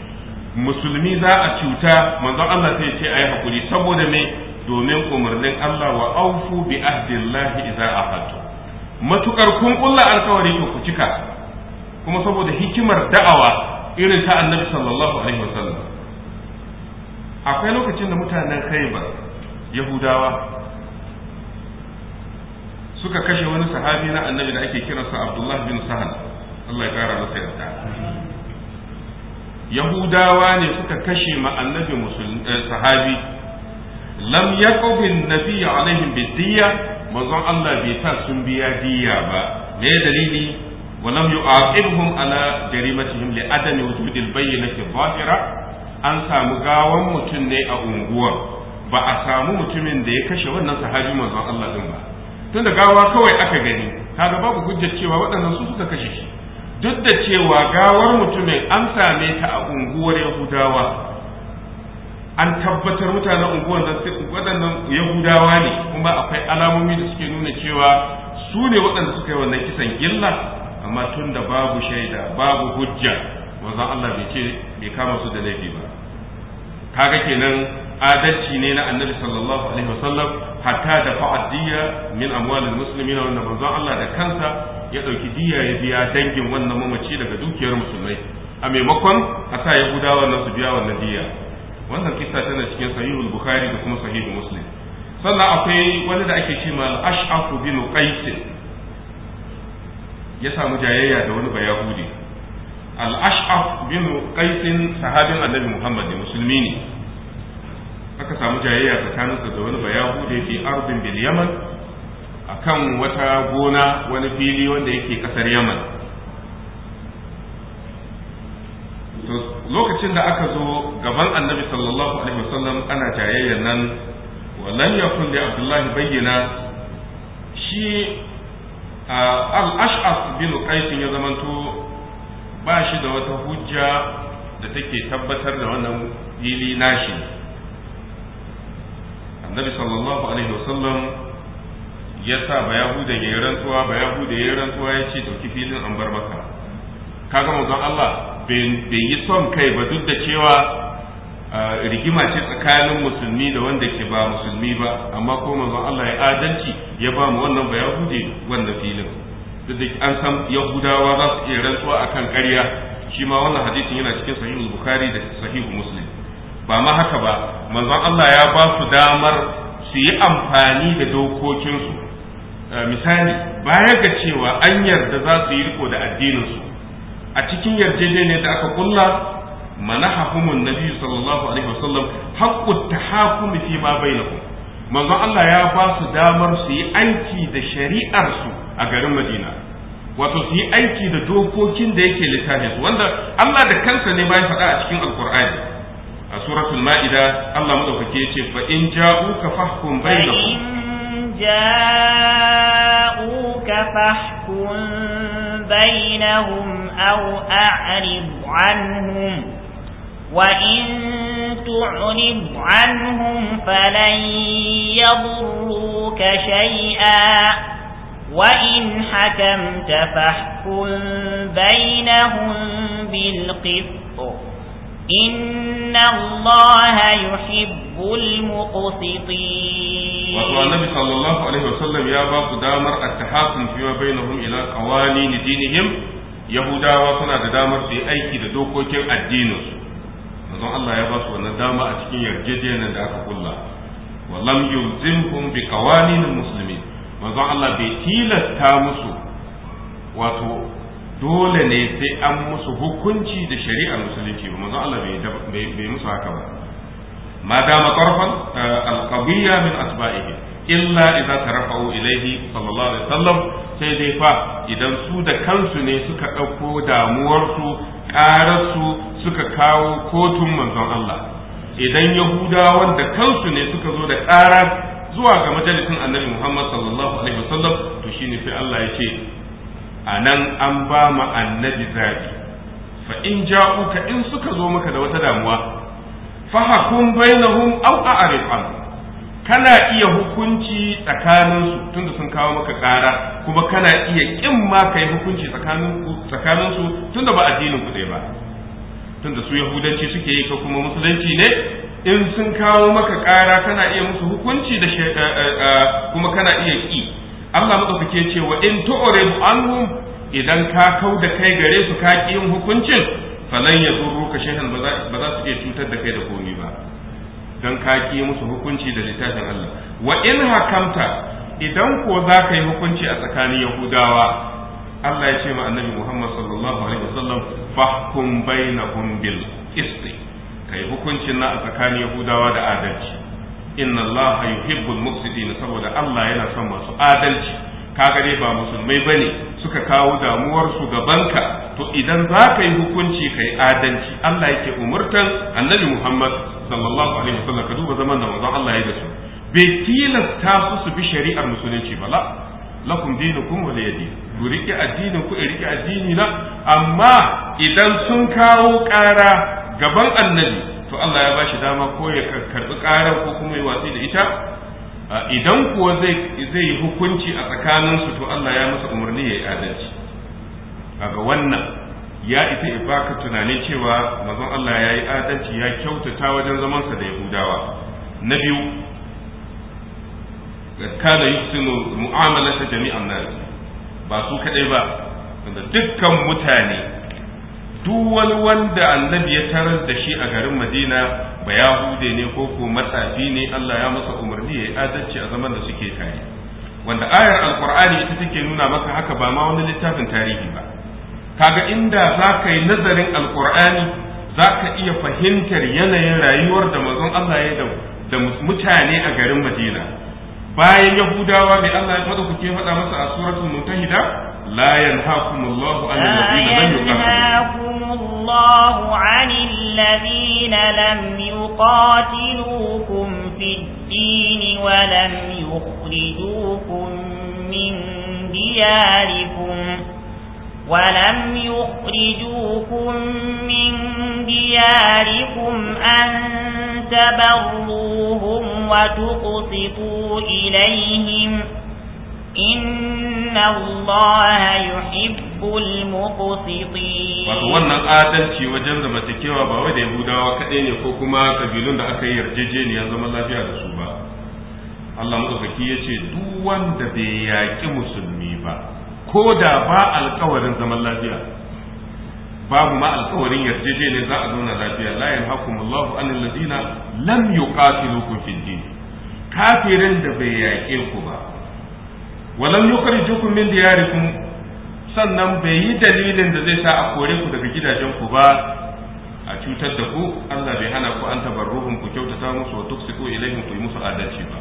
B: musulmi za a cuta manzon Allah sai ya ce ayi hakuri saboda me domin umarnin Allah wa aufu bi ahdillahi idza ahadtu matukar kun kulla alkawari ku cika kuma saboda hikimar da'awa irin ta annabi sallallahu alaihi wasallam akwai lokacin da mutanen Khaybar Yahudawa suka kashe wani sahabi na annabi da ake kiransa Abdullah bin Sahal Allah ya kara masa yarda Yahudawa ne suka kashe ma annabi eh, sahabi lam yakubin nabi alaihim bidiyya manzon Allah bai sa sun biya diya ba me dalili wa lam yu'aqibhum ala jarimatihim li adami wujudil bayyinati zahira an samu gawan mutum ne a unguwar ba a samu mutumin da ya kashe wannan sahabi manzon Allah din ba tun da gawa kawai aka gani kaga babu hujjar cewa waɗannan su suka kashe shi duk da cewa gawar mutumin an same ta a unguwar Yahudawa an tabbatar mutanen unguwan waɗannan yahudawa ne kuma akwai alamomi da suke nuna cewa su ne waɗanda suka yi wannan kisan gilla amma tun da babu shaida babu hujja wanzan Allah bai ce bai kama su da laifi ba kaga kenan adalci ne na annabi sallallahu alaihi wasallam hatta da fa'adiyya min amwalil muslimin wanda manzon Allah da kansa ya dauki diya ya biya dangin wannan mamaci daga dukiyar musulmai a maimakon a sa yahudawa nan su biya wannan diya wannan kisa tana cikin sahihul bukhari da kuma sahihul muslim sannan akwai wani da ake cewa al-ash'afu bin qais ya samu jayayya da wani bayahudi al-ash'af bin qais sahabin annabi muhammad ne musulmi ne aka samu jayayya tsakaninsa da wani bayahudi fi ardin bil yaman akan wata gona wani fili wanda yake kasar yaman to lokacin da aka zo gaban annabi sallallahu alaihi wasallam ana jayayyan nan walam yakun li abdullahi bayyana shi al-ash'as bin qais ya zamanto ba shi da wata hujja da take tabbatar da wannan fili nashi annabi sallallahu alaihi wasallam ya sa ba yahuda ya rantsuwa ba yahuda ya rantsuwa ya ce dauki filin an bar maka kaga manzon Allah bai yi son kai ba duk da cewa rigima ce tsakanin musulmi da wanda ke ba musulmi ba amma ko manzo Allah ya adalci ya ba mu wannan ba yahudi wannan filin duk da an san yahudawa za su iya rantsuwa akan karya shi ma wannan hadisin yana cikin sahihul bukhari da sahihul muslim ba ma haka ba manzon Allah ya ba su damar su yi amfani da dokokinsu misali baya ga cewa an yarda za su yi riko da addininsu a cikin yarjejeniyar da aka kulla manahahumun nabi sallallahu alaihi wasallam haqqut tahakumi fi ma bainakum manzon Allah ya ba su damar su yi aiki da shari'ar su a garin Madina wato su yi aiki da dokokin da yake littafin wanda Allah da kansa ne bayan faɗa a cikin alkur'ani a suratul ma'ida Allah madaukake ya ce fa in ja'uka fahkum
A: bainahum أو أعرض عنهم وإن تعرض عنهم فلن يضروك شيئا وإن حكمت فاحكم بينهم بالقسط إن الله يحب المقسطين وقال النبي صلى الله
B: عليه وسلم يا باب دامر التحاكم فيما بينهم إلى قوانين دينهم yahudawa suna da damar su yi aiki da dokokin addininsu manzon Allah ya ba su wannan dama a cikin yarjejeniyar da aka kulla wa lam yulzimhum bi qawanin muslimin manzon Allah bai tilasta musu wato dole ne sai an musu hukunci da shari'ar musulunci ba manzon Allah bai musu haka ba ma dama tarfan eh, alqawiyya min asba'ihi illa idza tarafa'u ilayhi sallallahu alaihi wasallam sai dai fa idan su da kansu ne suka ɗauko damuwarsu ƙararsu suka kawo kotun manzon Allah idan yahudawan da kansu ne suka zo da ƙara zuwa ga majalisin annabi Muhammad sallallahu alaihi wasallam to shine sai Allah ya ce anan an ba mu annabi zaki fa in ja'uka in suka zo maka da wata damuwa fa hakum bainahum aw a'rif kana iya hukunci tsakaninsu tunda sun kawo maka ƙara kuma kana iya ƙin ma ka yi hukunci tsakaninsu tunda ba addinin ku ba tunda su yahudanci suke yi ko kuma musulunci ne in sun kawo maka ƙara kana iya musu hukunci da eh, eh, eh, kuma kana iya ƙi Allah maɗaukake ce wa in tu'ridu anhum idan ka kau da kai gare su ka ƙi yin hukuncin falan ka shehan ba za su iya cutar da kai da komi ba don ka ki musu hukunci da littafin Allah wa in hakamta idan ko za ka yi hukunci a tsakanin yahudawa Allah ya ce ma annabi Muhammad sallallahu alaihi wasallam fahkum bainahum bil qist kai hukuncin na a tsakanin yahudawa da adalci inna Allah yuhibbul muqsitin saboda Allah yana son masu adalci Ka dai ba musulmai bane suka kawo damuwar su gabanka to idan za ka yi hukunci kai adalci Allah yake umurtan annabi Muhammad sallallahu alaihi wasallam ka duba zaman da manzon Allah ya da su bai tilasta su su bi shari'ar musulunci ba la lakum dinukum wa liya yadin. ku rike addinin ku rike addini na amma idan sun kawo ƙara gaban annabi to Allah ya ba shi dama ko ya karɓi ƙarar ko kuma ya watsi da ita idan kuwa zai zai yi hukunci a tsakaninsu to Allah ya masa umarni ya yi adalci kaga wannan ya isa baka tunanin cewa mazan Allah ya yi adalci ya kyautata wajen zamansa da yahudawa na biyu kana mu'amala ta jami'an nan ba su kadai ba da dukkan mutane duk wani wanda annabi ya tarar da shi a garin madina ba yahude ne ko ko matsafi ne Allah ya masa umarni ya yi adalci a zaman da suke tare wanda ayar alqur'ani ita take nuna maka haka ba ma wani littafin tarihi ba kaga inda za ka yi nazarin alkur'ani za ka iya fahimtar yanayin rayuwar da mazan Allah ya da mutane a garin Madina bayan Yahudawa mai Allah ya kuke faɗa masa a suratul mutahida لا ينهاكم الله عن
A: الذين Allahu! ولم يخرجوكم من دياركم ولم يخرجوكم من دياركم أن تبروهم وتقسطوا إليهم إن الله يحب المقسطين wato wannan adalci
B: wajen zamantakewa ba wai da Yahudawa kaɗai ne ko kuma kabilun da aka yi yarjejeniyar zaman lafiya da su ba Allah madaukaki ya ce duk wanda bai yaƙi musulmi ba ko da ba alkawarin zaman lafiya babu ma alkawarin yarjejeniyar za a zauna lafiya la Allahu anil ladina lam yuqatilukum fid din kafirin da bai yaƙe ku ba walam yukhrijukum min diyarikum sannan bai yi dalilin da zai sa a kore ku daga gidajen ku ba a cutar da ku Allah bai hana ku an tabarruhum ku kyautata musu wa tuksiku ilaihim ku yi musu adalci ba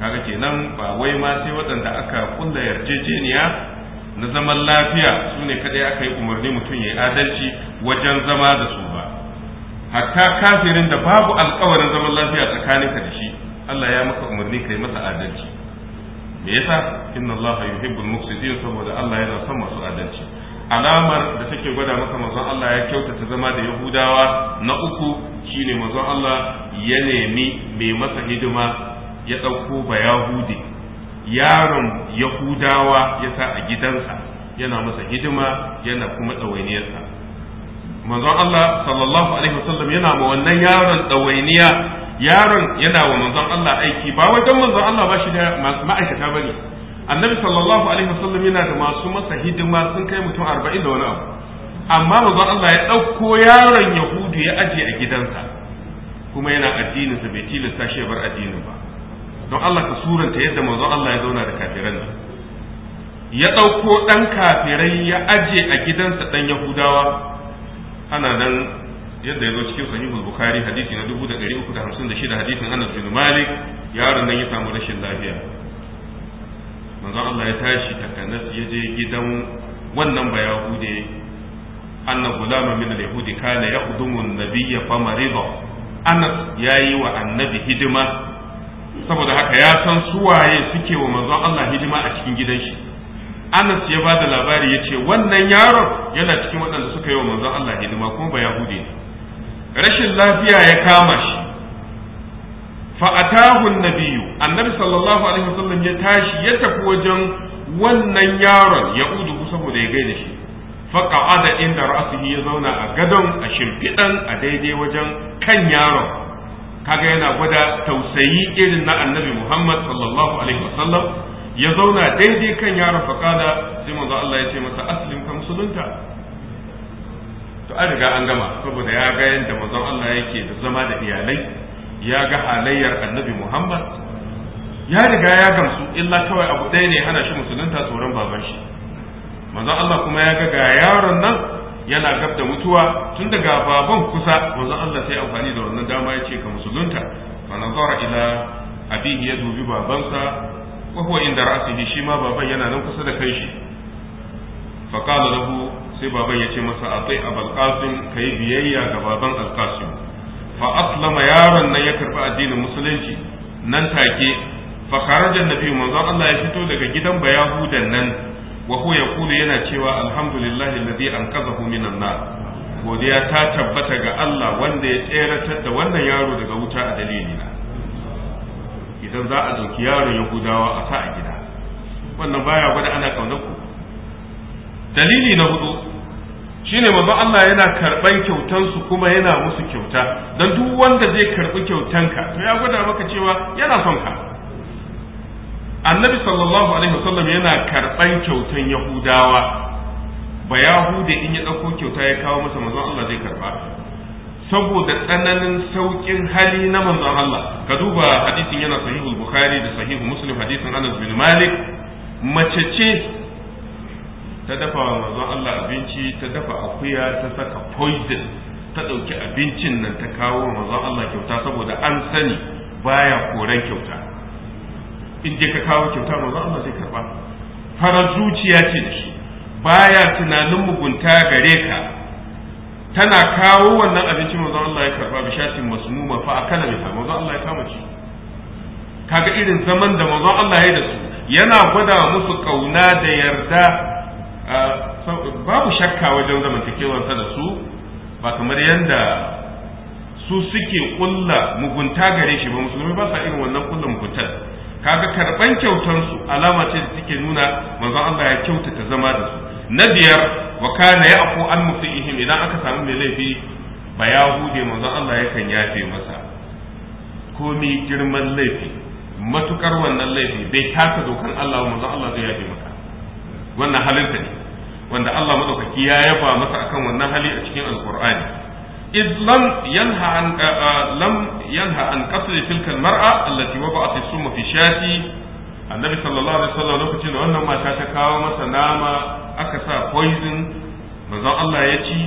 B: kaga kenan ba wai ma sai waɗanda aka kulla yarjejeniya na zaman lafiya su ne kadai aka yi umarni mutum ya yi adalci wajen zama da su ba hatta kafirin da babu alkawarin zaman lafiya tsakaninka da shi Allah ya maka umarni ka yi masa adalci me yasa inna Allah yuhibbul muqsitin saboda Allah yana son masu adalci alamar da take gwada maka manzon Allah ya kyautata zama da Yahudawa na uku shine manzo Allah ya nemi mai masa hidima ya ɗauko ba Yahudi yaron yahudawa ya sa a gidansa yana masa hidima yana kuma ɗawainiyarsa manzon Allah sallallahu alaihi wasallam yana ma wannan yaron ɗawainiya yaron yana wa manzon Allah aiki ba wajen manzon Allah ba shi da ma'aikata ba ne annabi sallallahu alaihi wasallam yana da masu masa hidima sun kai mutum arba'in da wani abu amma manzon Allah ya ɗauko yaron yahudu ya aje a gidansa kuma yana addinin sa bai tilasta shi bar addinin ba don Allah ka suranta yadda manzon Allah ya zauna da kafiran ya ɗauko ɗan kafirai ya aje a gidansa ɗan yahudawa ana nan yadda ya zo cikin sahihul bukhari hadisi na 1356 hadisin Anas bin Malik yaron nan ya samu rashin lafiya manzon Allah ya tashi nan ya je gidan wannan ba yahude anna gulama min al-yahudi kana yakhdumu an-nabiyya fa marida Anas yayi wa annabi hidima saboda haka ya san su waye suke wa manzon Allah hidima a cikin gidan shi Anas ya bada labari ya ce wannan yaron yana cikin waɗanda suka yi wa manzon Allah hidima kuma ba Yahudi ne rashin lafiya ya kama shi fa'atahu nabiyu annabi sallallahu alaihi wasallam ya tashi ya tafi wajen wannan yaron ya udu saboda ya gaida shi faqa'ada inda ra'sihi ya zauna a gadon a shimfidan a daidai wajen kan yaron kaga yana gwada tausayi irin na annabi Muhammad sallallahu alaihi wasallam ya zauna daidai kan yaron faƙada sai manzo Allah ya ce masa aslim ka musulunta to an riga an gama saboda ya ga yadda manzo Allah yake da zama da iyalai ya ga halayyar annabi Muhammad ya riga ya gamsu illa kawai abu ɗaya ne hana shi musulunta tsoron baban shi manzo Allah kuma ya ga ga yaron nan yana gab da mutuwa tun daga baban kusa wanzu Allah sai amfani da wannan dama ya ce ka musulunta fa nazara ila abihi ya dubi babansa wa huwa inda ra'sihi shi ma baban yana nan kusa da kai shi fa qala lahu sai baban ya ce masa a atai abul qasim kai biyayya ga baban al qasim fa aslama yaron nan ya karɓi addinin musulunci nan take fa kharaja annabi manzon Allah ya fito daga gidan bayahudan nan wa huwa yaqulu yana cewa alhamdulillahi alladhi anqadhahu minan nar godiya ta tabbata ga Allah wanda ya tseratar da wannan yaro daga wuta a dalilina idan za a dauki yaron yahudawa a sa a gida wannan baya gwada ana kaunar ku dalili na hudu shine manzo Allah yana karban su kuma yana musu kyauta don duk wanda zai karbi kyautanka to ya gwada maka cewa yana son ka annabi sallallahu alaihi wasallam yana karɓan kyautan yahudawa ba yahuda in ya dauko kyauta ya kawo masa manzon Allah zai karba saboda tsananin saukin hali na manzon Allah ka duba hadisin yana Sahihu bukhari da sahihu muslim hadisin Anas bin Malik mace ce ta dafa wa manzon Allah abinci ta dafa akuya ta saka poison ta dauki abincin nan ta kawo manzon Allah kyauta saboda an sani baya koran kyauta in je ka kawo kyauta manzo Allah zai karba farar zuciya ce da shi baya tunanin mugunta gare ka tana kawo wannan abinci manzo Allah ya karba shati masmuma fa akala bi manzo Allah ya kama shi kaga irin zaman da manzo Allah ya yi da su yana gwada musu kauna da yarda babu shakka wajen zamantakewarsa da su ba kamar yadda su suke kulla mugunta gare shi ba musulmi ba sa irin wannan kulla muguntar kaga karban kyautar su alama ce da take nuna manzo Allah ya kyautata zama da su na biyar wa kana ya'fu an musiihim idan aka samu mai laifi ba ya hude manzo Allah yakan yafe masa mi girman laifi matukar wannan laifi bai taka dokan Allah manzo Allah zai yafe maka wannan halin ne wanda Allah madaukaki ya yaba masa akan wannan hali a cikin alqur'ani إذ لم ينهى عن لم ينهى عن قتل تلك المرأة التي وضعت السم في شاتي النبي صلى الله عليه وسلم lokacin da wannan mata ta kawo masa nama aka sa poison manzon Allah ya ci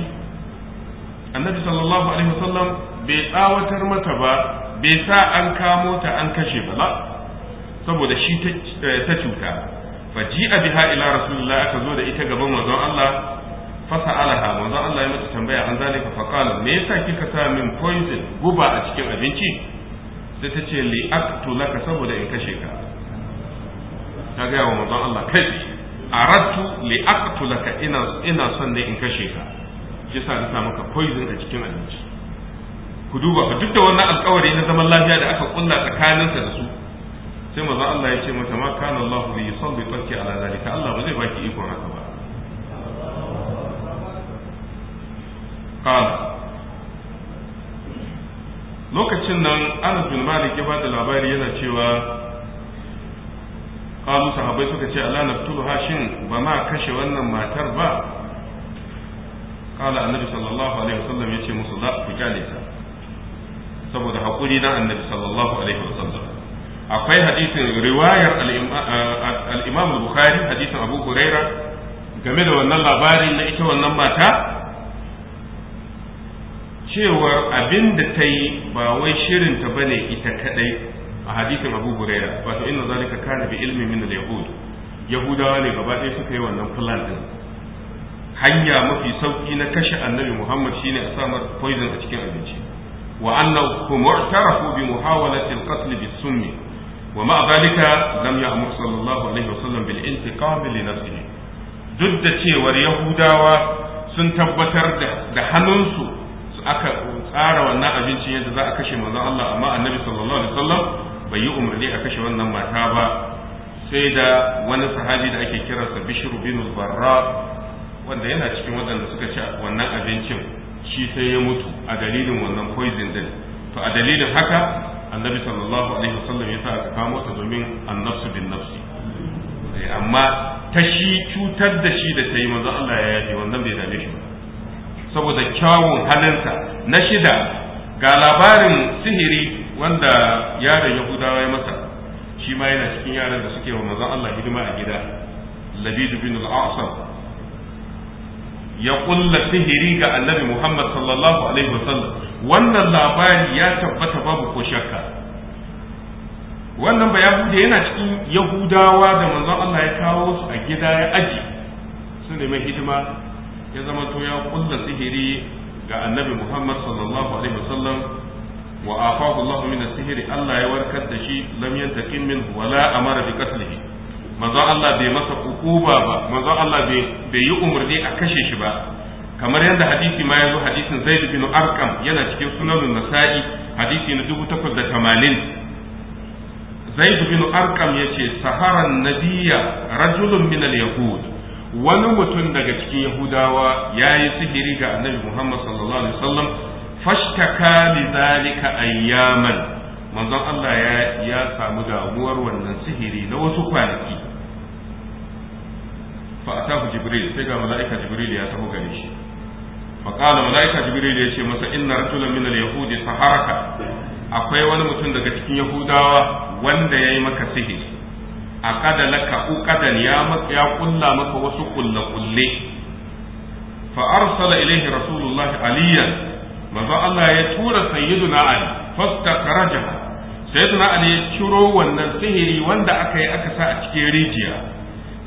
B: annabi sallallahu alaihi wasallam bai tsawatar mata ba bai sa an kamo ta an kashe ba saboda shi ta cuta a biha ila rasulullahi aka zo da ita gaban manzon Allah fasa'alaha manzo Allah ya mata tambaya an zalika fa qala me yasa kika sa min poison guba a cikin abinci sai ta ce li laka saboda in kashe ka ta ga wa manzo Allah kai aradtu li laka ina ina son ne in kashe ka sa ta sa maka poison a cikin abinci ku duba ka duk da wannan alƙawari na zaman lafiya da aka kulla tsakaninsa da su sai manzo Allah ya ce mata ma kana Allah bi yusalli ala zalika Allah ba zai baki iko haka ba qala lokacin nan Anas bin Malik ya bada labari yana cewa qalu sahabbai suka ce Allah nabtulu hashin ba ma kashe wannan matar ba Kala annabi sallallahu alaihi wasallam ce musu za ku kyale ta saboda haƙuri na annabi sallallahu alaihi wasallam akwai hadisin riwayar al-Imam bukhari hadisin Abu Huraira game da wannan labarin na ita wannan mata cewar abin da ta yi ba wai shirinta ba ne ita kadai a hadisin abu huraira wato inna zalika kana bi ilmi min al-yahud yahudawa ne gaba ɗaya suka yi wannan plan din hanya mafi sauki na kashe annabi muhammad shine a samar poison a cikin abinci wa annahu mu'tarafu bi muhawalati al-qatl bi sunni wa ma zalika lam ya'mur sallallahu alaihi wasallam bil intiqam li nafsihi duk da cewar yahudawa sun tabbatar da hannunsu aka tsara wannan abincin yadda za a kashe manzon Allah amma annabi sallallahu alaihi wasallam bai yi umarni a kashe wannan mata ba sai da wani sahabi da ake kiransa Bishr bin Barra wanda yana cikin waɗanda suka ci wannan abincin shi sai ya mutu a dalilin wannan poison din to a dalilin haka annabi sallallahu alaihi wasallam ya sa aka kamo ta domin annafsu bin nafsi eh, amma ta shi cutar da shi da ta yi manzo Allah ya yafe wannan bai dame shi ba saboda kyawun halinsa na shida ga labarin sihiri wanda yaron yahudawa ya masa shi ma yana cikin yaran da suke wa manzon Allah hidima a gida labidu bin al-asam ya kulla sihiri ga annabi Muhammad sallallahu alaihi wasallam wannan labari ya tabbata babu ko shakka wannan bayan da yana cikin yahudawa da manzon Allah ya kawo su a gida ya aji su ne hidima ya zama to ya kulla sihiri ga annabi Muhammad sallallahu alaihi wasallam wa afahu Allah min sihiri Allah ya warkar da shi lam yantakin min wala amara bi qatlihi manzo Allah bai masa ukuba ba manzo Allah bai yi umarni a kashe shi ba kamar yadda hadisi ma zo hadisin Zaid bin Arqam yana cikin sunanun Nasa'i hadisi na 1880 زيد بن أرقم يتي سهر النبي رجل من yahud wani mutum daga cikin yahudawa ya yi sihiri ga annabi muhammad sallallahu alaihi wasallam fashtaka li zalika ayyaman manzon Allah ya ya samu damuwar wannan sihiri na wasu kwanaki fa atahu jibril sai ga malaika jibril ya taho gare shi fa qala malaika jibril ya ce masa inna rajulan min al-yahudi saharaka akwai wani mutum daga cikin yahudawa wanda yayi maka sihiri aqada laka uqadan ya maka ya kulla maka wasu kulle kulle fa arsala ilayhi rasulullah aliyan maza Allah ya tura sayyiduna ali fastaqraja sayyiduna ali ya ciro wannan sihiri wanda aka yi aka sa a cikin rijiya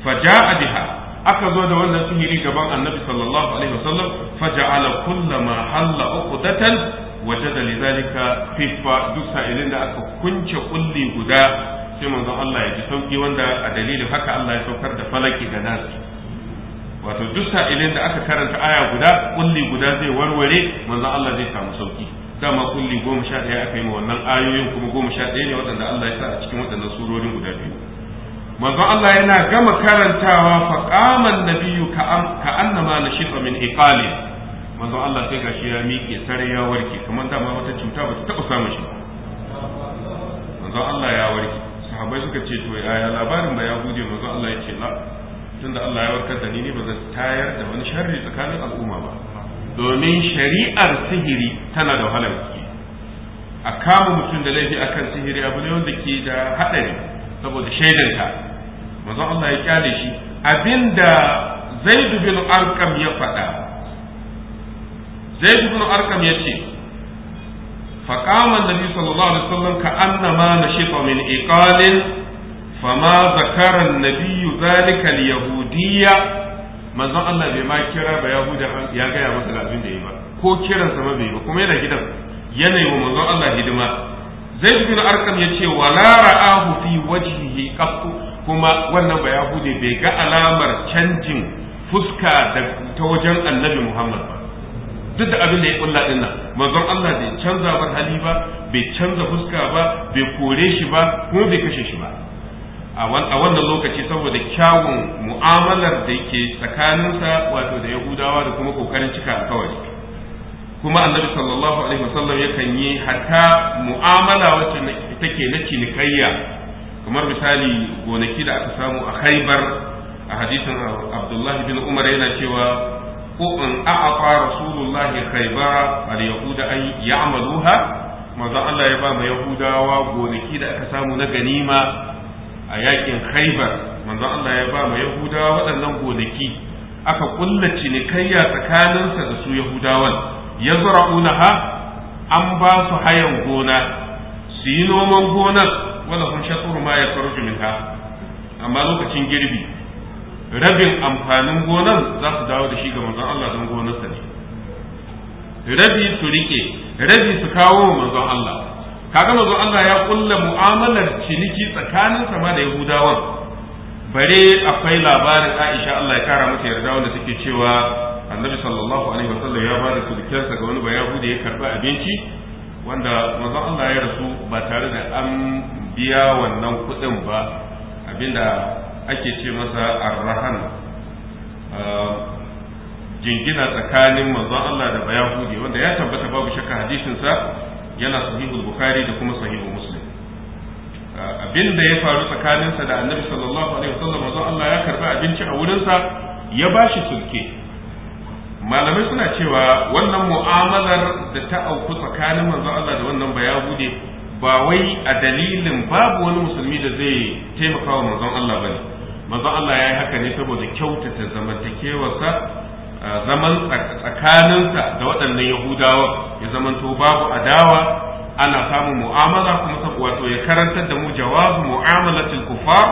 B: fa ja'a biha aka zo da wannan sihiri gaban annabi sallallahu alaihi wasallam fa ja'ala kullama halla uqdatan wajada lidhalika khifa duk sa'ilin da aka kunce kulli guda sai manzon Allah ya ji sauki wanda a dalilin haka Allah ya saukar da falaki da nasu wato duk sa'ilin da aka karanta aya guda kulli guda zai warware manzon Allah zai samu sauki dama kulli goma sha ɗaya aka yi ma wannan ayoyin kuma goma sha ɗaya ne waɗanda Allah ya sa a cikin waɗannan surorin guda biyu manzon Allah yana gama karantawa fa qaman nabiyyu ka annama nashifa min iqali manzon Allah sai gashi ya miƙe sare ya warke kamar dama wata cuta ba ta taɓa samun shi manzon Allah ya warke sahabbai suka ce to yaya labarin ba ya guje manzo Allah ya ce la tunda Allah ya warkar da ni ne ba zan tayar da wani sharri tsakanin al'umma ba domin shari'ar sihiri tana da wahalar a kama mutum da laifi akan sihiri abu ne wanda ke da haɗari saboda shaidanta manzo Allah ya kyale shi abinda Zaid bin Arqam ya faɗa Zaid bin Arqam ya ce فقام النبي صلى الله عليه وسلم كأنما نشط من إقال فما ذكر النبي ذلك اليهودية manzon Allah bai ma kira ba Yahuda ya gaya masa da abin da yi ba ko kiransa ma bai ba kuma yana gidan yanayi wa manzon Allah hidima Zai bin Arqam ya ce wala ra'ahu fi wajhihi qattu kuma wannan ba Yahude bai ga alamar canjin fuska ta wajen Annabi Muhammad ba duk da abin da ya kulla din nan manzon Allah bai canza bar hali ba bai canza fuska ba bai kore shi ba kuma bai kashe shi ba a wannan lokaci saboda kyawun mu'amalar da ke tsakaninsa wato da yahudawa da kuma kokarin cika kawai. kuma annabi sallallahu alaihi wasallam yakan yi hatta mu'amala wacce take na cinikayya kamar misali gonaki da aka samu a khaibar a hadisin abdullahi bin umar yana cewa ko in a'afa rasulullahi khaybara al yahuda ay ya'maluha manzo Allah ya ba ma yahudawa gonaki da aka samu na ganima a yakin khaybar manzo Allah ya ba ma yahudawa waɗannan gonaki aka kulla cinikayya tsakaninsa da su yahudawan yazra'unaha an ba su hayan gona su yi noman gonar wala hum shatur ma ya yakhruju minha amma lokacin girbi rabin amfanin gonar za su dawo da shi ga manzon Allah don gonarsa ne rabi su rike rabi su kawo wa manzon Allah kaga manzon Allah ya kulla mu'amalar ciniki tsakanin sama da Yahudawan bare akwai labarin Aisha Allah ya kara mata yarda wanda take cewa Annabi sallallahu alaihi wasallam ya bada sa ga wani bayahudi ya karɓi abinci wanda manzon Allah ya rasu ba tare da an biya wannan kuɗin ba abinda ake ce masa arrahan ah, jingina tsakanin manzon Allah da bayahudi wanda ya tabbata babu shakka hadisin sa yana sahihu bukhari da kuma sahihu muslim ah, abin da ya faru tsakaninsa da annabi sallallahu alaihi wasallam manzon Allah ya karɓi abinci a wurinsa ya bashi sulke malamai suna cewa wannan mu'amalar da ta auku tsakanin manzon Allah da wannan bayahudi ba wai a dalilin babu wani musulmi da zai taimaka wa manzon Allah bane manzon Allah ya yi haka ne saboda kyautata zamantakewarsa zaman tsakaninsa da waɗannan yahudawa ya zamanto babu adawa ana samun mu'amala kuma wato ya karantar da mu jawabu mu'amalatil kufar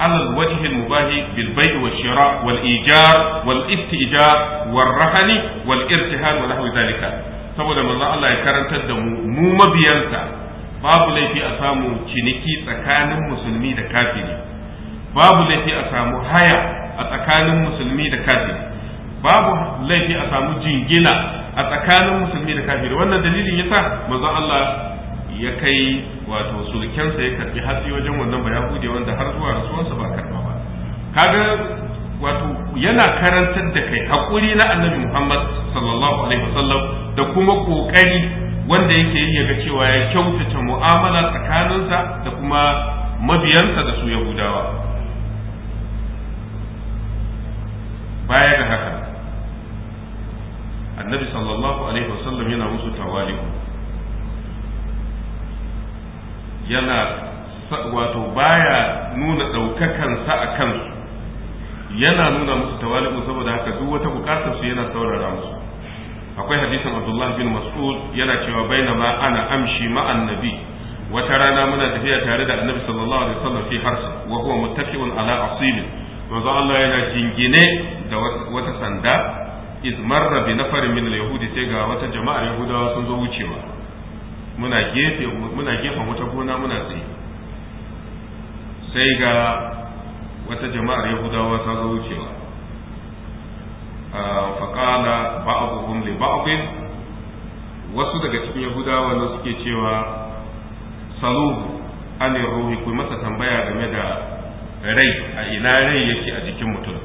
B: ala alwajh mubahi bil bay' wal shira wal ijar wal istijar wal rahani wal irtihan wa nahwi dhalika saboda manzon Allah ya karantar da mu mu mabiyansa babu laifi a samu ciniki tsakanin musulmi da kafiri babu laifi a samu haya a tsakanin musulmi da kafiri babu laifi a samu jingina a tsakanin musulmi da kafiri wannan dalilin yasa manzon Allah ya kai wato sulkensa ya karbi hatsi wajen wannan bayahudi wanda har zuwa rasuwansa ba karba ba kaga wato yana karantar da kai hakuri na annabi Muhammad sallallahu alaihi wasallam da kuma kokari wanda yake yi ga cewa ya kyautata mu'amala tsakaninsa da kuma mabiyansa da su yahudawa baya ga haka annabi sallallahu alaihi wasallam yana musu tawali'u yana wato baya nuna ɗaukakansa a kansu yana nuna musu tawali'u saboda haka duk wata bukatarsu yana saurara musu akwai hadisin abdullah bin mas'ud yana cewa bainama ana amshi ma'an nabi wata rana muna tafiya tare da annabi sallallahu alaihi wasallam fi harsa wa huwa muttaki'un ala asibin manzo Allah yana jingine da wata sanda iz marra bi nafarin min al-yahudi sai ga wata jama'a yahudawa sun zo wucewa muna gefe muna gefen wata gona muna tsaye sai ga wata jama'ar yahudawa ta zo wucewa faƙala ba'abuhum li wasu daga cikin yahudawa ne suke cewa salu an ruhi ku masa tambaya game da rai a ina rai yake a jikin mutum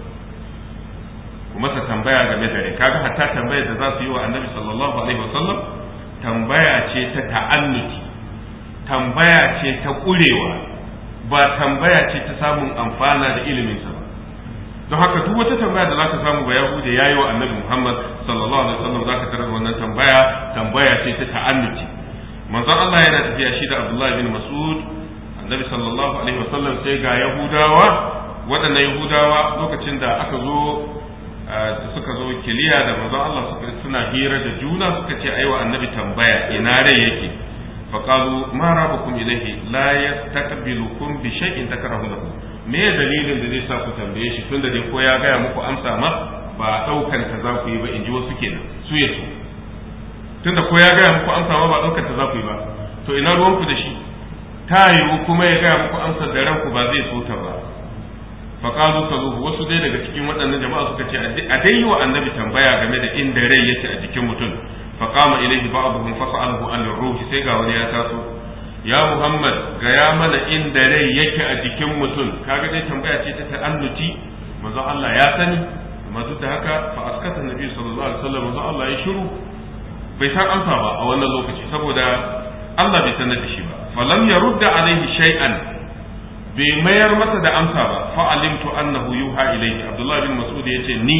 B: ku masa tambaya game da rai kaga hatta tambayar da za su yi wa annabi sallallahu alaihi wasallam tambaya ce ta ta'annuti tambaya ce ta kurewa ba tambaya ce ta samun amfana da iliminsa ba don haka duk wata tambaya da za zaka samu ba ya yi wa annabi Muhammad sallallahu alaihi wasallam ka tarar wannan tambaya tambaya ce ta ta'annuci manzon Allah yana tafiya shi da Abdullah bin Mas'ud annabi sallallahu alaihi wasallam sai ga yahudawa waɗannan yahudawa lokacin da aka zo da suka zo kiliya da manzon Allah suka suna hira da juna suka ce aiwa annabi tambaya ina rai yake faqalu ma rabukum ilayhi la yastaqbilukum bi shay'in takrahuna me dalilin da zai sa ku tambaye shi tunda dai ko ya gaya muku amsa ma ba daukan ta za ku yi ba in ji wasu kenan su ya Tun tunda ko ya gaya muku amsa ma ba daukan ta za ku yi ba to ina ruwan ku da shi ta yiwu kuma ya gaya muku amsa da ranku ba zai so ta ba fa qalu kazu wasu dai daga cikin waɗannan jama'a suka ce a dai yi wa annabi tambaya game da inda rai yake a jikin mutum fa qama ilayhi ba'dhum fa sa'alahu an ruhi sai ga wani ya taso ya muhammad gaya mana inda rai yake a jikin mutum kaga dai tambaya ce ta ta'annuti manzon Allah ya sani amma duk da haka fa askata nabi sallallahu alaihi wasallam manzon Allah ya shiru bai san amsa ba a wannan lokaci saboda Allah bai sanar da shi ba falam yarudda alaihi shay'an bai mayar masa da amsa ba fa alimtu annahu yuha ilayhi abdullah bin mas'ud yace ni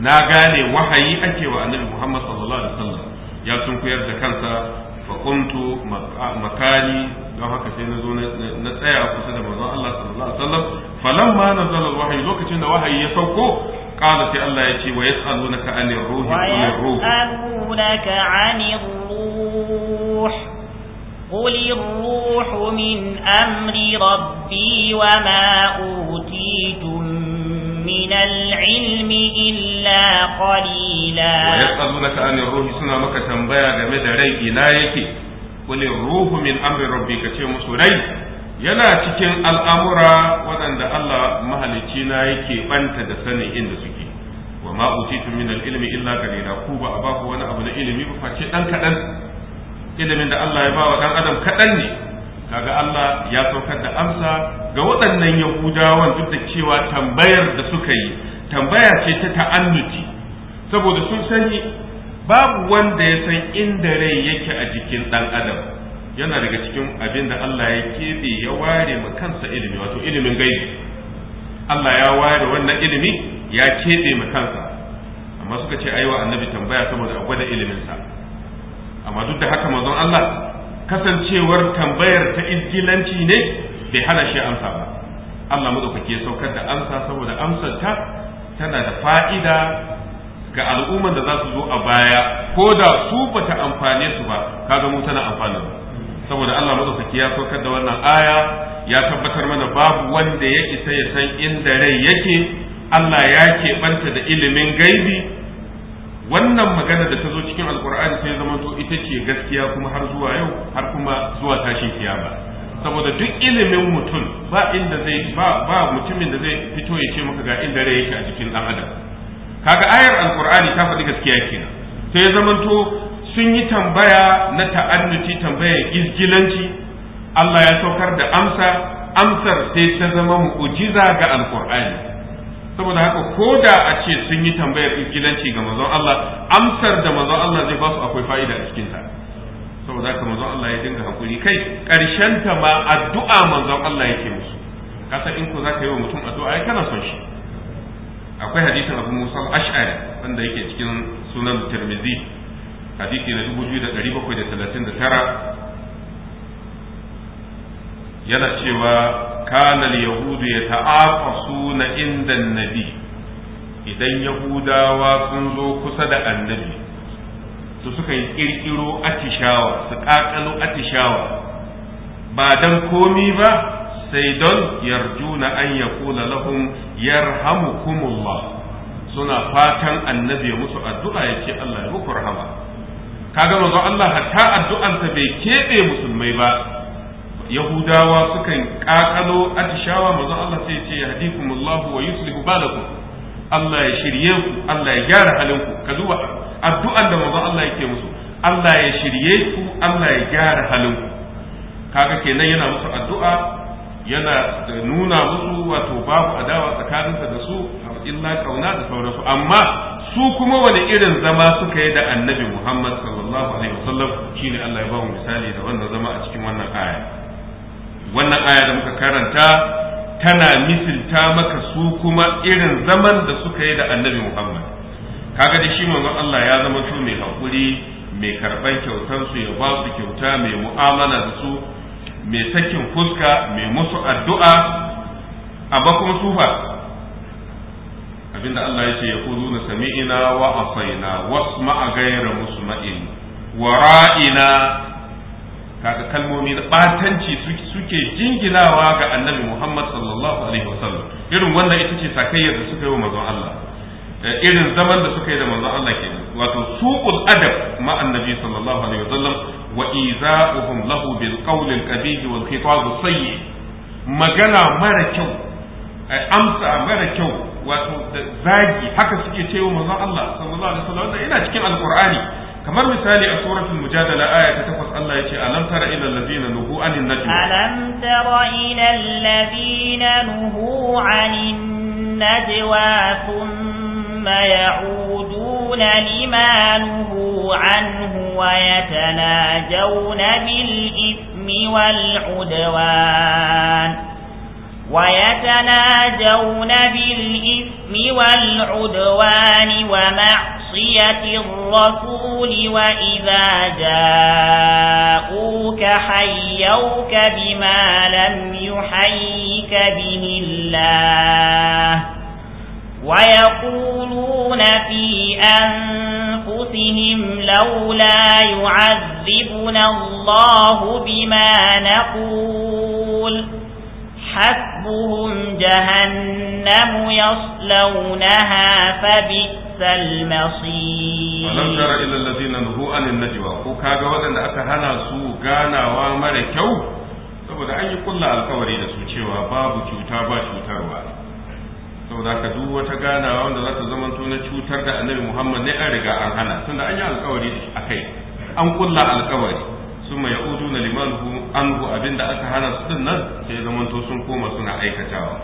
B: na gane wahayi ake wa annabi muhammad sallallahu alaihi wasallam ya sunkuyar da kansa fakuntu makani don haka sai na zo na tsaya kusa da manzon Allah sallallahu alaihi wasallam ma nazala alwahyi lokacin da wahayi ya sauko qala sai Allah ya ce wa yas'alunaka anir ruhi qul ruh
A: yas'alunaka anir ruh قل الروح من أمر ربي وما أوتيتم من العلم إلا قليلا ويسألونك
B: عن الروح سنة مكة تنبيا جمد ري إنايك قل الروح من أمر ربك تيمس ري yana cikin al'amura waɗanda Allah mahalicci na yake ɓanta da sanin inda suke wa ma'utitu min ilmi illa kalila ku ba a baku wani abu na ilimi ba face ɗan kaɗan ilimin da Allah ya ba wa ɗan adam kaɗan ne kaga Allah ya saukar da amsa ga waɗannan yahudawan duk da cewa tambayar da suka yi tambaya ce ta ta'annuci saboda sun sani babu wanda ya san inda rai yake a jikin ɗan adam yana daga cikin abinda Allah ya keɓe ya ware ma kansa ilimi wato ilimin gaibi Allah ya ware wannan ilimi ya keɓe ma kansa amma suka ce aiwa annabi tambaya saboda a gwada iliminsa amma duk da haka manzon Allah kasancewar tambayar ta izgilanci ne bai hana shi amsa ba Allah madaukaki ya saukar da amsa saboda amsar ta tana da fa'ida ga al'umman da za su zo a baya ko da su bata amfane su ba kaga mu tana amfana saboda Allah madaukaki ya saukar da wannan aya ya tabbatar mana babu wanda ya isa ya san inda rai yake Allah ya ke keɓanta da ilimin gaibi wannan magana da ta zo cikin alkur'ani sai zama to ita ce gaskiya kuma har zuwa yau har kuma zuwa tashin kiyama saboda duk ilimin mutum ba inda zai ba mutumin da zai fito ya ce maka ga inda rai yake a cikin dan adam kaga ayar alkur'ani ta faɗi gaskiya kenan sai zama to sun yi tambaya na ta'annuti tambayar izgilanci Allah ya saukar da amsa amsar sai ta zama mu'ujiza ga alkur'ani saboda haka ko da a ce sun yi tambayar izgilanci ga mazan Allah amsar da mazan Allah zai ba su akwai fa'ida a cikin saboda haka mazan Allah ya dinga hakuri kai karshen ta ma addu'a mazan Allah yake musu kasa in ko za ka yi wa mutum addu'a ai kana son shi akwai hadisin Abu Musa al-Ash'ari wanda yake cikin Sunan Tirmidhi hadisi na dubu da da da bakwai talatin tara yana cewa kana al-yahudu yata'aqasuna inda an-nabi idan yahudawa sun zo kusa da annabi to suka yi kirkiro atishawa su kakalo atishawa ba dan komi ba sai don yarjuna an yaqula lahum yarhamukumullah suna fatan annabi ya musu addu'a yake Allah ya muku rahama kaga manzo Allah hatta addu'ansa bai kebe musulmai ba yahudawa sukan kakalo atishawa manzon Allah sai ce yahdikumullahu wa yuslihu balakum Allah ya shirye ku Allah ya gyara halinku ka duba addu'ar da manzon Allah yake musu Allah ya shirye ku Allah ya gyara halinku kaga kenan yana musu addu'a yana nuna musu wato babu adawa tsakaninsa da su illa kauna da sauransu amma su kuma wani irin zama suka yi da annabi Muhammad sallallahu alaihi wasallam shine Allah ya ba mu misali da wannan zama a cikin wannan aya wannan aya da muka karanta tana misilta maka su kuma irin zaman da suka yi da annabi Muhammad kaga da shi manzon Allah ya zama to mai hakuri mai karban kyautar su ya ba su kyauta mai mu'amala da su mai sakin fuska mai musu addu'a amma kuma sufa abinda Allah ya ce ya kudu na sami'ina wa asaina wasma'a musu ma'in wa ra'ina kaga kalmomi na batanci suke jinginawa ga annabi Muhammad sallallahu alaihi wasallam irin wannan ita ce sakayyar da suka yi wa manzon Allah eh, irin zaman da suka yi da manzon Allah kenan wato suqul adab ma annabi sallallahu alaihi wasallam wa iza'uhum lahu bil qawl al qabih wal khitab al sayyi magana mara kyau eh, amsa mara kyau wato zagi haka suke cewa manzon Allah sallallahu alaihi wasallam ina cikin alqur'ani kamar misali a suratul mujadala aya ta takwas Allah yace alam tara ila allazina nuhu anin najm
A: alam tara ila allazina nuhu anin najwa thumma ya'uduna lima nuhu anhu wa yatanajawna bil ithmi wal udwan ويتناجون بالإثم والعدوان ومعصية معصية الرسول وإذا جاءوك حيوك بما لم يحيك به الله ويقولون في أنفسهم لولا يعذبنا الله بما نقول حسبهم جهنم يصلونها فبئس المصير ولم
B: تر إلى الذين نهوا عن النجوى وكاغا ودن أكهنا سو غانا وامر كو saboda an yi kulla alkawari da su cewa babu cuta ba cutarwa saboda ka duk wata ganawa wanda za ta zama na cutar da annabi muhammad ne an riga an hana tunda an yi alkawari a kai an kulla alkawari summa na limanhu anhu abinda aka hana su din nan sai zamanto sun koma suna aikatawa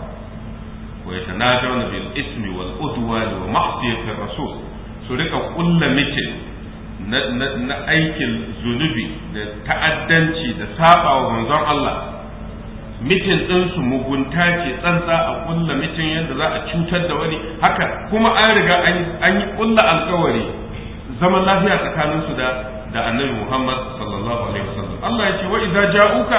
B: wa yatanajawna bil ismi wal udwan wa ma'siyati rasul su rika kulla mitin na aikin zunubi da ta'addanci da sabawa manzon Allah mitin su mugunta ke tsantsa a kulla mitin yadda za a cutar da wani haka kuma an riga an yi alkawari zaman lafiya tsakaninsu da da annabi Muhammad sallallahu alaihi wasallam Allah ya ce wa idza ja'uka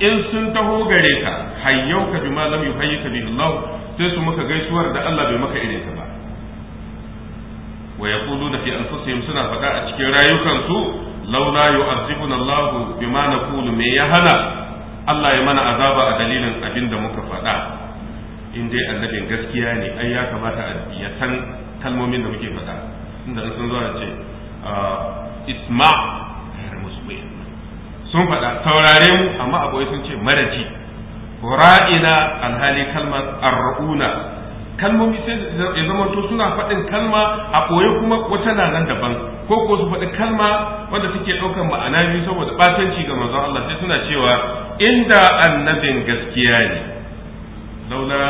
B: in sun taho gare ka hayyauka bima lam yuhayyika bihi Allah sai su muka gaisuwar da Allah bai maka irin ta ba wa yaquluna fi anfusihim suna faɗa a cikin rayukansu laula yu'azibuna Allah bima naqulu me ya hala Allah ya mana azaba a dalilin abin da muka faɗa in dai annabin gaskiya ne ai ya kamata a san kalmomin da muke faɗa inda sun zo a ce Uh, isma sun faɗa taurare mu amma aboye sun ce maraji ra'ina alhali kalmar arrauna kalmomi sai ya zama to suna faɗin kalma a ɓoye kuma wata na nan daban ko ko su faɗi kalma wanda suke ɗaukar ma'ana biyu saboda ɓatanci ga manzon Allah sai suna cewa inda annabin gaskiya ne laula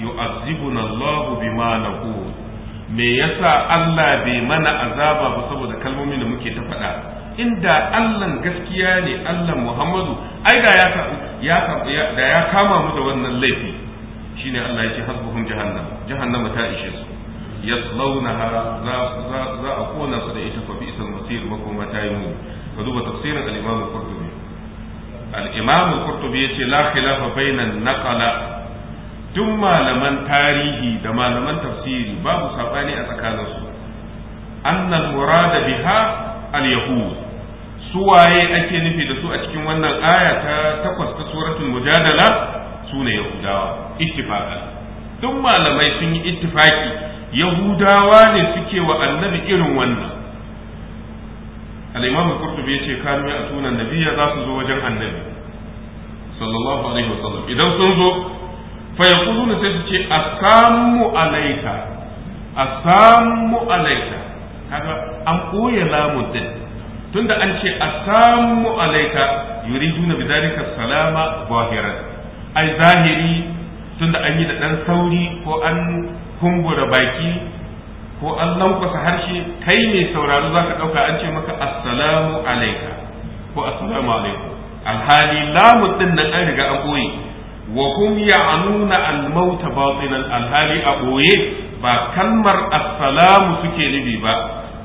B: yu'azibuna Allahu bima naqul me yasa Allah bai mana azaba ba saboda kalmomin da muke ta faɗa inda Allah gaskiya ne Allah Muhammadu ai da ya ya da ya kama mu da wannan laifi shine Allah yake hasbuhum jahannam jahannama ta ishe su yaslawnaha za za a kona su da ita fa bi isal masir makoma ta yi mu ka duba tafsirin al-Imam al-Qurtubi al-Imam al-Qurtubi yace la khilafa bainan naqala duk malaman tarihi da malaman tafsiri babu saɓani a tsakaninsu annan murada biha al yahud su waye ake nufi da su a cikin wannan aya ta takwas ta suratul mujadala su ne yahudawa ittifaqan duk malamai sun yi ittifaki yahudawa ne suke wa annabi irin wannan al-imam qurtubi yace kanu ya atuna nabiyya za su zo wajen annabi sallallahu alaihi wasallam idan sun zo fa na sai su ce a samu alaika, a samu alaika, kaga an koya lamun din tunda an ce a samu alaika alayka yuriduna bidalika salama zahiran ai zahiri tunda an yi da ɗan sauri ko an kumbura baki ko an lankwasa harshe kai ne sauraro zaka ɗauka an ce maka assalamu alaika ko assalamu alaikum alhali lamun din nan an riga an koyi wa hum ya'nuna al-maut batinan al a boye ba kalmar assalamu suke nubi ba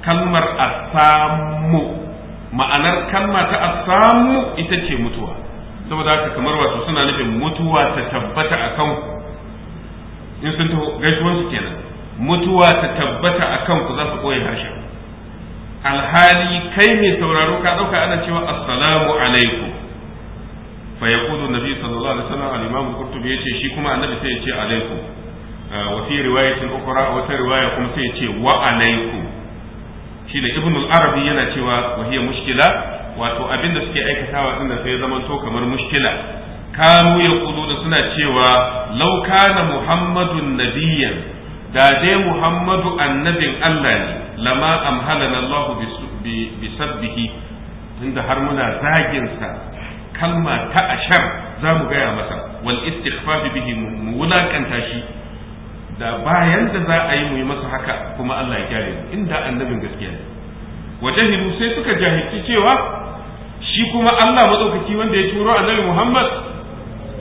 B: kalmar assamu ma'anar kalma ta assamu ita ce mutuwa saboda haka kamar wato suna nufin mutuwa ta tabbata akan ku in sun taho gaisuwansu kenan mutuwa ta tabbata a kanku za su ɓoye harshen alhali kai mai sauraro ka ɗauka ana cewa assalamu alaikum فيقول النبي صلى الله عليه وسلم al-imam qurtubi yace shi kuma annabi sai yace alaikum ah, wa fi riwayatin ukhra wa ta riwaya kuma sai yace wa alaikum shi da ibn arabi yana cewa wa wato abinda suke aikatawa din da sai zaman to kamar mushkila kanu kudu da suna cewa law kana muhammadun nabiyyan da dai muhammadu annabin Allah ne lama amhalana Allah bi sabbihi tunda har muna zagin sa kalma ta ashar za mu gaya masa wal istighfar bihi mu wulakanta shi da bayan da za a yi mu yi masa haka kuma Allah ya kyale mu inda annabin gaskiya ne wajahilu sai suka jahilci cewa shi kuma Allah madaukaki wanda ya turo annabi Muhammad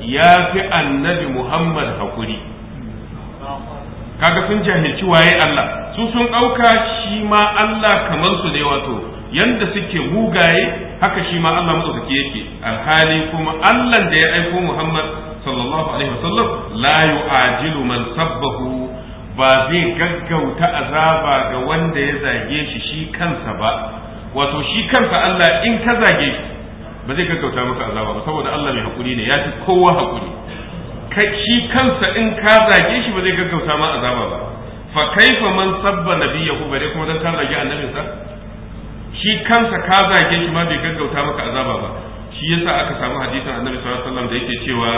B: ya fi annabi Muhammad hakuri kaga sun jahilci waye Allah su sun ɗauka shi ma Allah kamar su ne wato yanda suke mugaye haka shi ma Allah madaukaki yake alhali kuma Allah da ya aiko Muhammad sallallahu alaihi wasallam la yu'ajilu man sabbahu ba zai gaggauta azaba ga wanda ya zage shi shi kansa ba wato shi kansa Allah in ka zage shi ba zai gaggauta maka azaba ba saboda Allah mai hakuri ne ya fi kowa hakuri Ka shi kansa in ka zage shi ba zai gaggauta ma azaba ba fa kaifa man sabba nabiyahu bare kuma dan ka zage annabinsa shi kansa ka zage shi ma bai gaggauta maka azaba ba shi yasa aka samu hadisin annabi sallallahu alaihi da yake cewa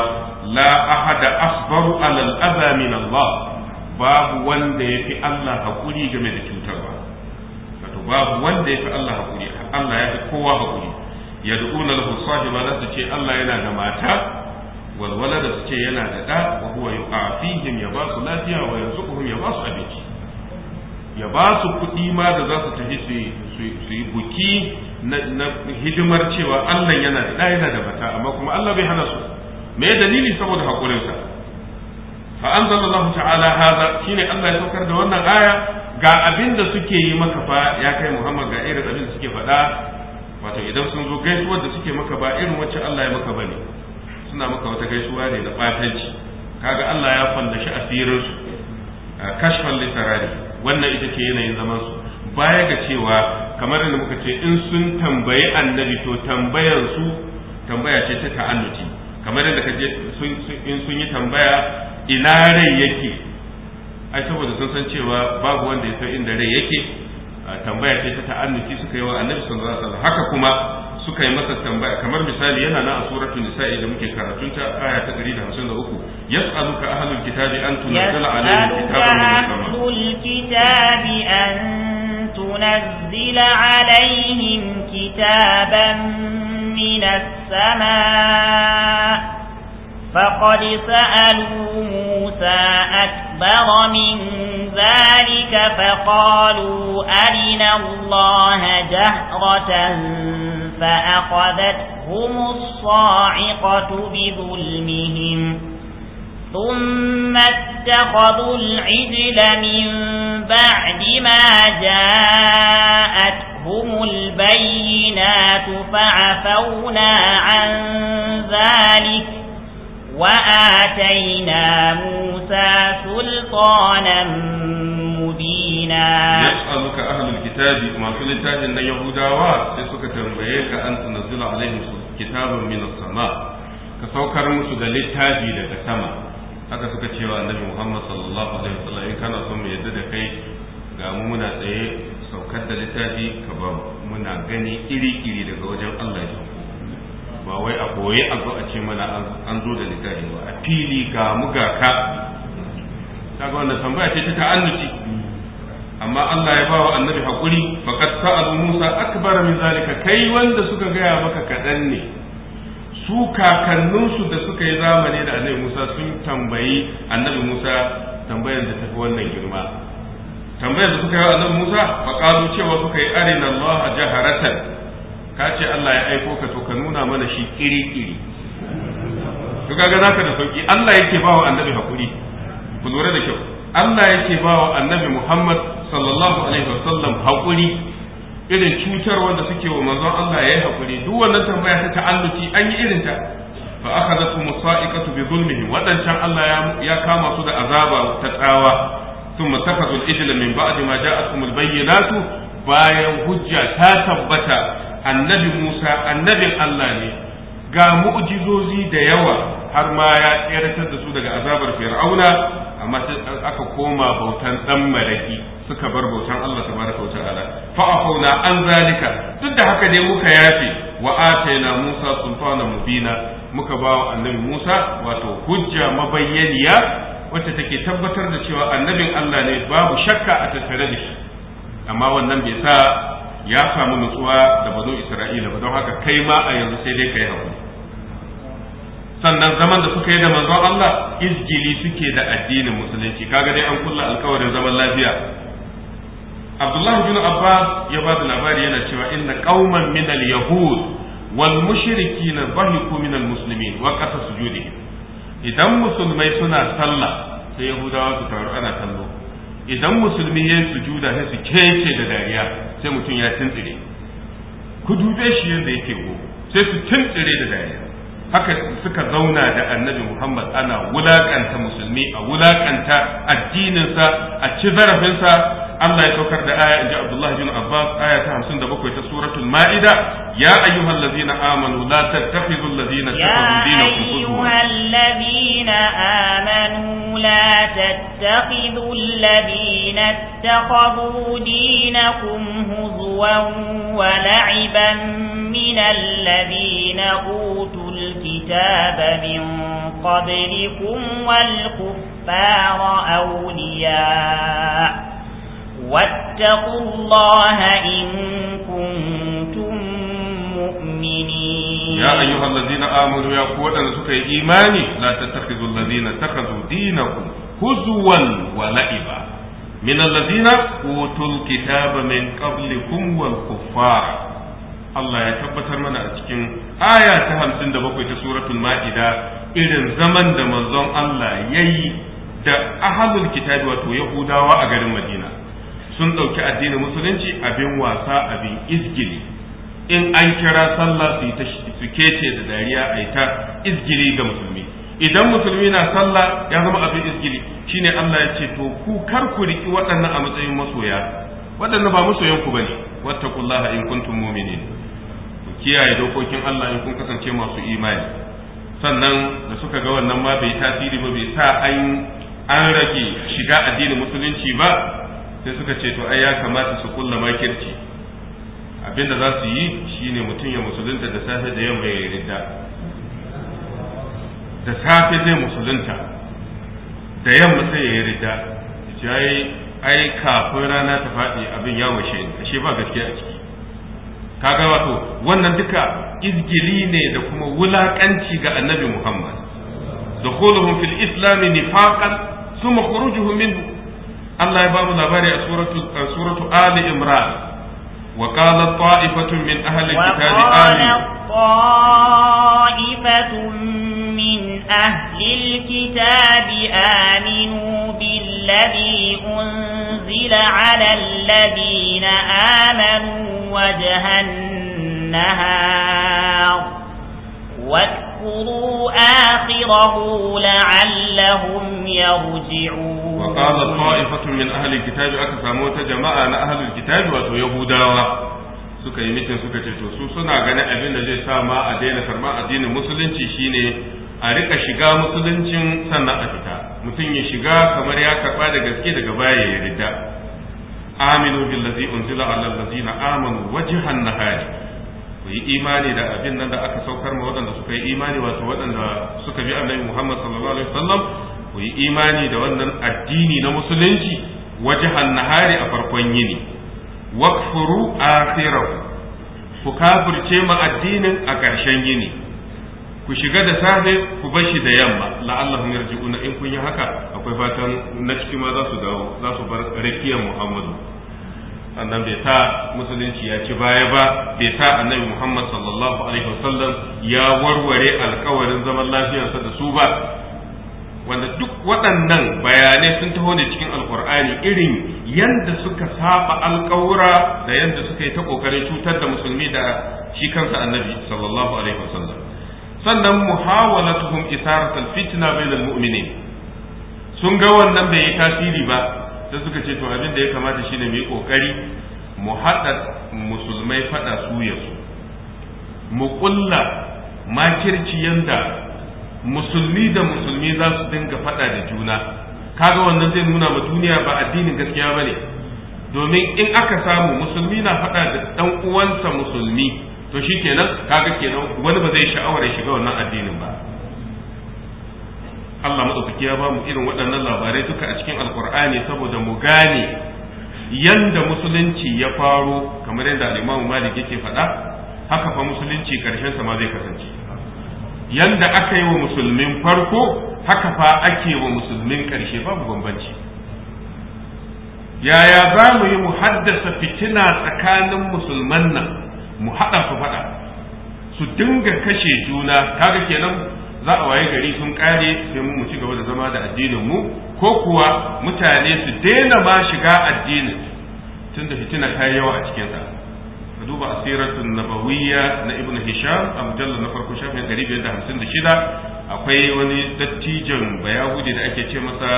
B: la ahada asbaru ala al-adha min Allah babu wanda yafi Allah hakuri game da cutarwa wato babu wanda yafi Allah hakuri Allah yafi kowa hakuri yad'una lahu sahiba da su ce Allah yana da mata walwala da suke yana da da wa huwa yuqafihim ya ba su lafiya wa yarzuquhum ya ba abinci ya ba su kuɗi ma da za su tafi su yi buki na hidimar cewa Allah yana da yana da bata amma kuma Allah bai hana su me dalili saboda haƙurinsa fa anzalallahu ta'ala hada shine Allah ya saukar da wannan aya ga abin da suke yi maka fa ya kai Muhammad ga irin abin da suke faɗa wato idan sun zo gaisuwar da suke maka ba irin wacce Allah ya maka bane suna maka wata gaisuwa ne da fatanci kaga Allah ya fallashi asirin su kashfan litarari wannan ita ce yanayin zaman su baya ga cewa kamar da muka ce in sun tambayi annabi to tambayar su tambaya ce ta ta'alluci kamar da kaje in sun yi tambaya ina rai yake ai saboda sun san cewa babu wanda ya san inda rai yake tambaya ce ta ta'alluci suka yi wa annabi sallallahu alaihi wasallam haka kuma suka yi masa tambaya kamar misali yana na a suratul nisa'i da muke karatunta aya ta 153 yas'aluka ahlul kitabi an tunzala
A: alaihim kitaban an tunzila alaihim kitaban minas sama' فقد سألوا موسى أكبر من ذلك فقالوا أرنا الله جهرة فأخذتهم الصاعقة بظلمهم ثم اتخذوا العجل من بعد ما جاءتهم البينات فعفونا عن ذلك وآتينا موسى سلطانا مبينا
B: يسألك أهل الكتاب ما كل تاج أن يهودا سيسك تنبيك أن تنزل عليهم كتابا من السماء كسوكر مسد للتاج لك haka suka cewa annabi Muhammad sallallahu alaihi wasallam in kana son mu yadda da kai ga mu muna tsaye saukar da littafi ka ba muna gani iri iri daga wajen Allah ya ba wai a boye a zo a ce mana an zo da littafi ba a fili ga muga ga ka kaga wannan tambaya ce ta ta'annuci amma Allah ya bawa annabi hakuri faqad sa'alu Musa akbar min zalika kai wanda suka gaya maka kadan ne su kakanninsu da suka yi zamani da annabi Musa sun tambayi annabi Musa tambayar da tafi wannan girma tambayar da suka yi annabi Musa fa cewa suka yi arina Allah jaharatan ka ce Allah ya aiko ka to ka nuna mana shi kiri-kiri to kaga zaka da sauki Allah yake ba wa annabi hakuri ku lura da kyau Allah yake ba wa annabi Muhammad sallallahu alaihi wasallam hakuri irin cutar wanda suke wa manzon Allah yayi hakuri duk wannan tambaya ta ta'alluki an yi irin ta fa akhadatu musaiqatu bi zulmihi wadancan Allah ya kama su da azaba ta tsawa ثم اتخذوا الإجل من بعد ما جاءتهم البينات bayan hujja ta tabbata annabi Musa annabin Allah ne ga mu'jizozi da yawa har ma ya tseratar da su daga azabar fir'auna amma aka koma bautan dan malaki suka bar bautan Allah tabaraka wa ta'ala fa afauna an zalika duk da haka dai muka yafe wa ataina Musa sultana mubina muka ba wa annabi Musa wato hujja mabayyaniya wacce take tabbatar da cewa annabin Allah ne babu shakka a tattare da shi amma wannan bai sa ya samu nutsuwa da bazo isra'ila ba don haka kai ma a yanzu sai dai kai haƙuri sannan zaman da suka yi da manzon Allah izgili suke da addinin musulunci kaga dai an kulla alkawarin zaman lafiya Abdullahi bin Abbas ya ba da labari yana cewa inna qauman min al-yahud wal mushrikina bahiku min al-muslimin wa qata sujudi idan musulmai suna sallah sai yahudawa su taru ana kallo idan musulmi yayin sujuda sai su kece da dariya sai mutum ya tuntsire ku dube shi yadda yake go sai su tuntsire da dariya haka suka zauna da annabi Muhammad ana wulakanta musulmi a wulakanta addininsa a ci zarafinsa Allah ya saukar da aya inji Abdullah bin Abbas aya ta 57 ta suratul Ma'ida ya ayyuhal ladzina amanu la tattakhidhul ladzina ittakhadhu dinakum huzwa ya ayyuhal
A: ladzina amanu la tattakhidhul ladzina ittakhadhu dinakum huzwan wa la'iban min alladhina utul kitaba min qablikum wal kuffara awliya' واتقوا الله إن كنتم مؤمنين يا أيها
B: الذين آمنوا يا قوة سكي إيماني لا تتخذوا الذين اتخذوا دينكم هزوا ولعبا من الذين أوتوا الكتاب من قبلكم والكفار Allah ya tabbatar mana a cikin aya ta hamsin da bakwai ta suratul ma'ida irin zaman da manzon Allah ya yi da ahalul kitabi wato Yahudawa a garin Madina sun ɗauki addinin musulunci abin wasa abin izgiri in an kira sallah su ta su kece da dariya a yi ta ga musulmi idan musulmi na sallah ya zama abin shi shine Allah ya ce to ku kar ku riki waɗannan a matsayin masoya waɗannan ba masoyan ku bane wattaqullaha in kuntum mu'minin ku kiyaye dokokin Allah in kun kasance masu imani sannan da suka ga wannan ma bai tasiri ba bai sa an an rage shiga addinin musulunci ba sai suka ce to ai ya kamata su kulla makirci abinda za su yi shine mutum ya musulunta da safe da yamma ya ridda da safe zai musulunta da yamma sai ya yi ridda ai kafin rana ta faɗi abin ya washe ashe ba gaskiya a ciki kaga wato wannan duka izgili ne da kuma wulakanci ga annabi Muhammad da دخولهم fil islam nifaqan thumma khurujuhum منه الله يبام لبارة سورة, سورة آل إمران وقال الطائفة من أهل الكتاب وقال
A: الطائفة من أهل الكتاب آمنوا بالذي أنزل على الذين آمنوا وجه النهار واذكروا آخره لعلهم يرجعون وقال طائفة
B: من أهل الكتاب أكثموا جماعة أهل الكتاب ويهوداوا suka yi mitin suka ce to su suna ganin abin da zai sa ma a daina karɓar addinin musulunci shine a rika shiga musuluncin sannan a fita mutum ya shiga kamar ya karɓa da gaske daga baya ya rida aminu billazi unzila ala allazina amanu wajhan nahari ku yi imani da abin nan da aka saukar ma waɗanda suka yi imani wato waɗanda suka bi annabi Muhammad sallallahu alaihi wasallam ku yi imani da wannan addini na musulunci wajhan nahari a farkon yini wakfuru akhirahu ku kafirce ma addinin a ƙarshen yini ku shiga da safe ku bashi da yamma la'allahum yarji'una in kun yi haka akwai fatan na ciki ma za su dawo za su bar rakiyar Muhammadu sannan bai sa musulunci ya ci baya ba bai sa annabi Muhammad sallallahu alaihi wasallam ya warware alkawarin zaman lafiyarsa da su ba wanda duk waɗannan bayanai sun taho ne cikin alkur'ani irin yadda suka saba alkawura da yadda suka yi ta ƙoƙarin cutar da musulmi da shi kansa annabi sallallahu alaihi wasallam sannan muhawalatuhum isaratul fitna bainal mu'minin sun ga wannan bai yi tasiri ba sai suka ce to abin da ya kamata shine mu yi kokari mu haɗa musulmai faɗa su ya su mu kulla makirci yanda musulmi da musulmi za su dinga faɗa da juna kaga wannan zai nuna ma duniya ba addinin gaskiya ba ne domin in aka samu musulmi na faɗa da ɗan uwansa musulmi to kenan kaga kenan wani ba zai sha'awar ya shiga wannan addinin ba Allah madaukaki ya ba mu irin waɗannan labarai duka a cikin alkur'ani saboda mu gane yanda musulunci ya faro kamar yadda al'imamu Malik yake faɗa haka fa musulunci karshen sa ma zai kasance yanda aka yi wa musulmin farko haka fa ake wa musulmin karshe babu bambanci yaya za mu yi mu haddasa fitina tsakanin musulman nan mu haɗa su faɗa su dinga kashe juna kaga kenan za a waye gari sun kare sai mu mu ci gaba da zama da addinin mu ko kuwa mutane su daina ba shiga addinin tunda fitina ta yi yawa a cikin sa ka duba asiratun nabawiyya na ibn hisham a mujallar na farko shafin shida, akwai wani dattijan bayahudi da ake ce masa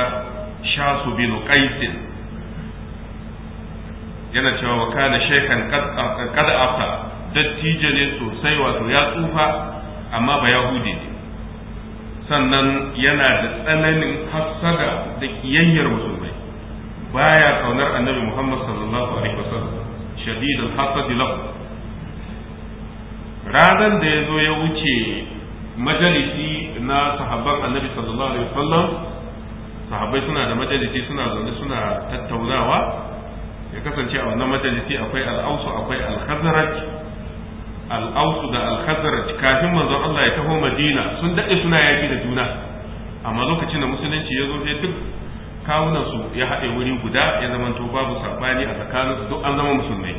B: shasu bin qaisin yana cewa wa kana shaykhan qad afta dattijo ne sosai wato ya tsufa amma bayahudi ne sannan yana da tsananin hassada da kiyayyar musulmai baya kaunar annabi Muhammad sallallahu alaihi wasallam shadidul hasad lahu ranan da yazo ya wuce majalisi na sahabban annabi sallallahu alaihi wasallam sahabbai suna da majalisi suna zaune suna tattaunawa ya kasance a wannan majalisi akwai al akwai al-khazraj al'ausu da al kafin manzon Allah ya taho Madina sun daɗe suna yaki da juna amma lokacin da musulunci ya zo sai duk kawunan su ya haɗe wuri guda ya zamanto babu sabani a tsakanin su duk an zama musulmai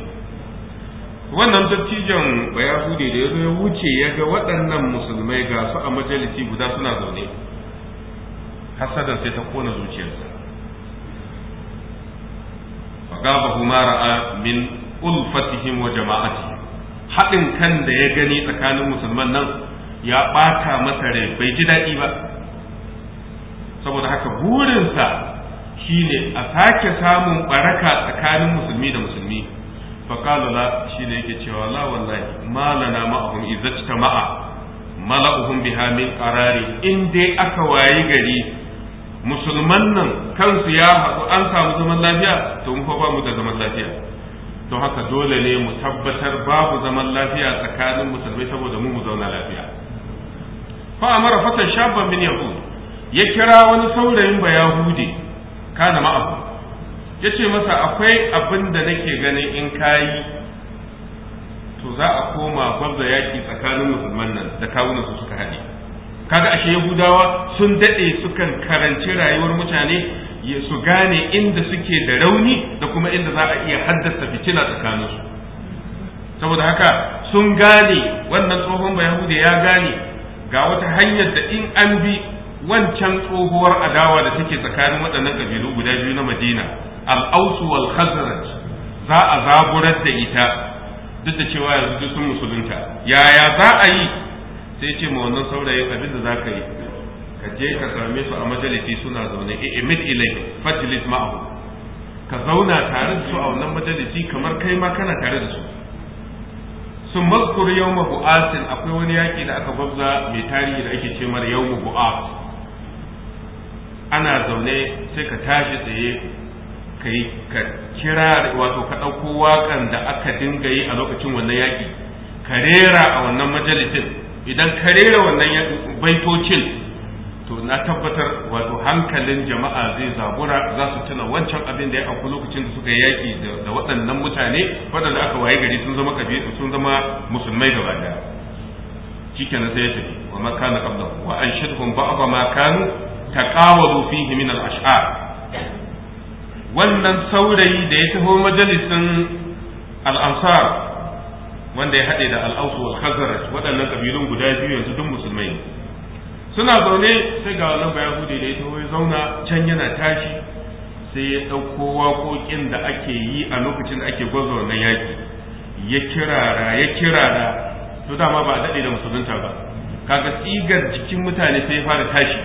B: wannan dattijan bayahudi da ya zo ya wuce ya ga waɗannan musulmai ga su a majalisi guda suna zaune hasadan sai ta kona zuciyarsa fagabahu ma ra'a min ulfatihim wa jama'ati haɗin kan da ya gani tsakanin musulman nan ya ɓata masa rai bai ji daɗi ba saboda haka burinsa shine a sake samun baraka tsakanin musulmi da musulmi faƙalu shi ne yake cewa la wallahi malana ma'ahum izzat ma'a mala'uhun biha min qarari in dai aka wayi gari musulman nan kansu ya haɗu an samu zaman lafiya to mu fa ba mu da zaman lafiya don haka dole ne mu tabbatar babu zaman lafiya tsakanin musulmai saboda mu mu zauna lafiya fa amara fatan shabban min yahud ya kira wani saurayin ba yahudi kana ya ce masa akwai abin da nake ganin in kayi to za a koma gwabza yaki tsakanin musulman nan da kawunan su suka haɗe kaga ashe yahudawa sun daɗe sukan karanci rayuwar mutane su gane inda suke da rauni da kuma inda za a iya haddasa fitina tsakaninsu saboda haka sun gane wannan tsohon bayahude ya gane ga wata hanyar da in an bi wancan tsohuwar adawa da take tsakanin waɗannan ƙabilu guda biyu na madina al'ausu wal khazraj za a zaburar da ita duk da cewa yanzu sun musulunta yaya za a yi sai ce ma wannan saurayin abin da za ka yi ka je ka same su a majalisi suna zaune i'mid eh, ilai fajilis ma'ahu ka zauna tare da su a wannan majalisi kamar kai ma kana tare da su sun mazkur yawma bu'asin akwai wani yaki da aka babza mai tarihi da ake ce mara yawma bu'as ana zaune sai ka tashi tsaye ka yi ka kira wato ka ɗauko waƙan da aka dinga yi a lokacin wannan yaƙi ka rera a wannan majalisin idan ka rera wannan baitocin to na tabbatar wato hankalin jama'a zai zabura za su tuna wancan abin da ya auku lokacin da suka yaki da waɗannan mutane waɗanda aka waye gari sun zama kabilu sun zama musulmai gaba daya shikenan sai ya tafi wa ma kana qabla wa anshidhum ba'd ma kan taqawalu fihi min al-ash'ar wannan saurayi da ya taho majalisin al-ansar wanda ya haɗe da al-aus wal khazraj waɗannan kabilun guda biyu yanzu duk musulmai suna zaune sai ga wani bayan hudu da ita taho ya zauna can yana tashi sai ya ɗauko waƙoƙin da ake yi a lokacin da ake gwazo na yaƙi ya kirara ya kirara to dama ba a daɗe da musulunta ba kaga tsigar jikin mutane sai ya fara tashi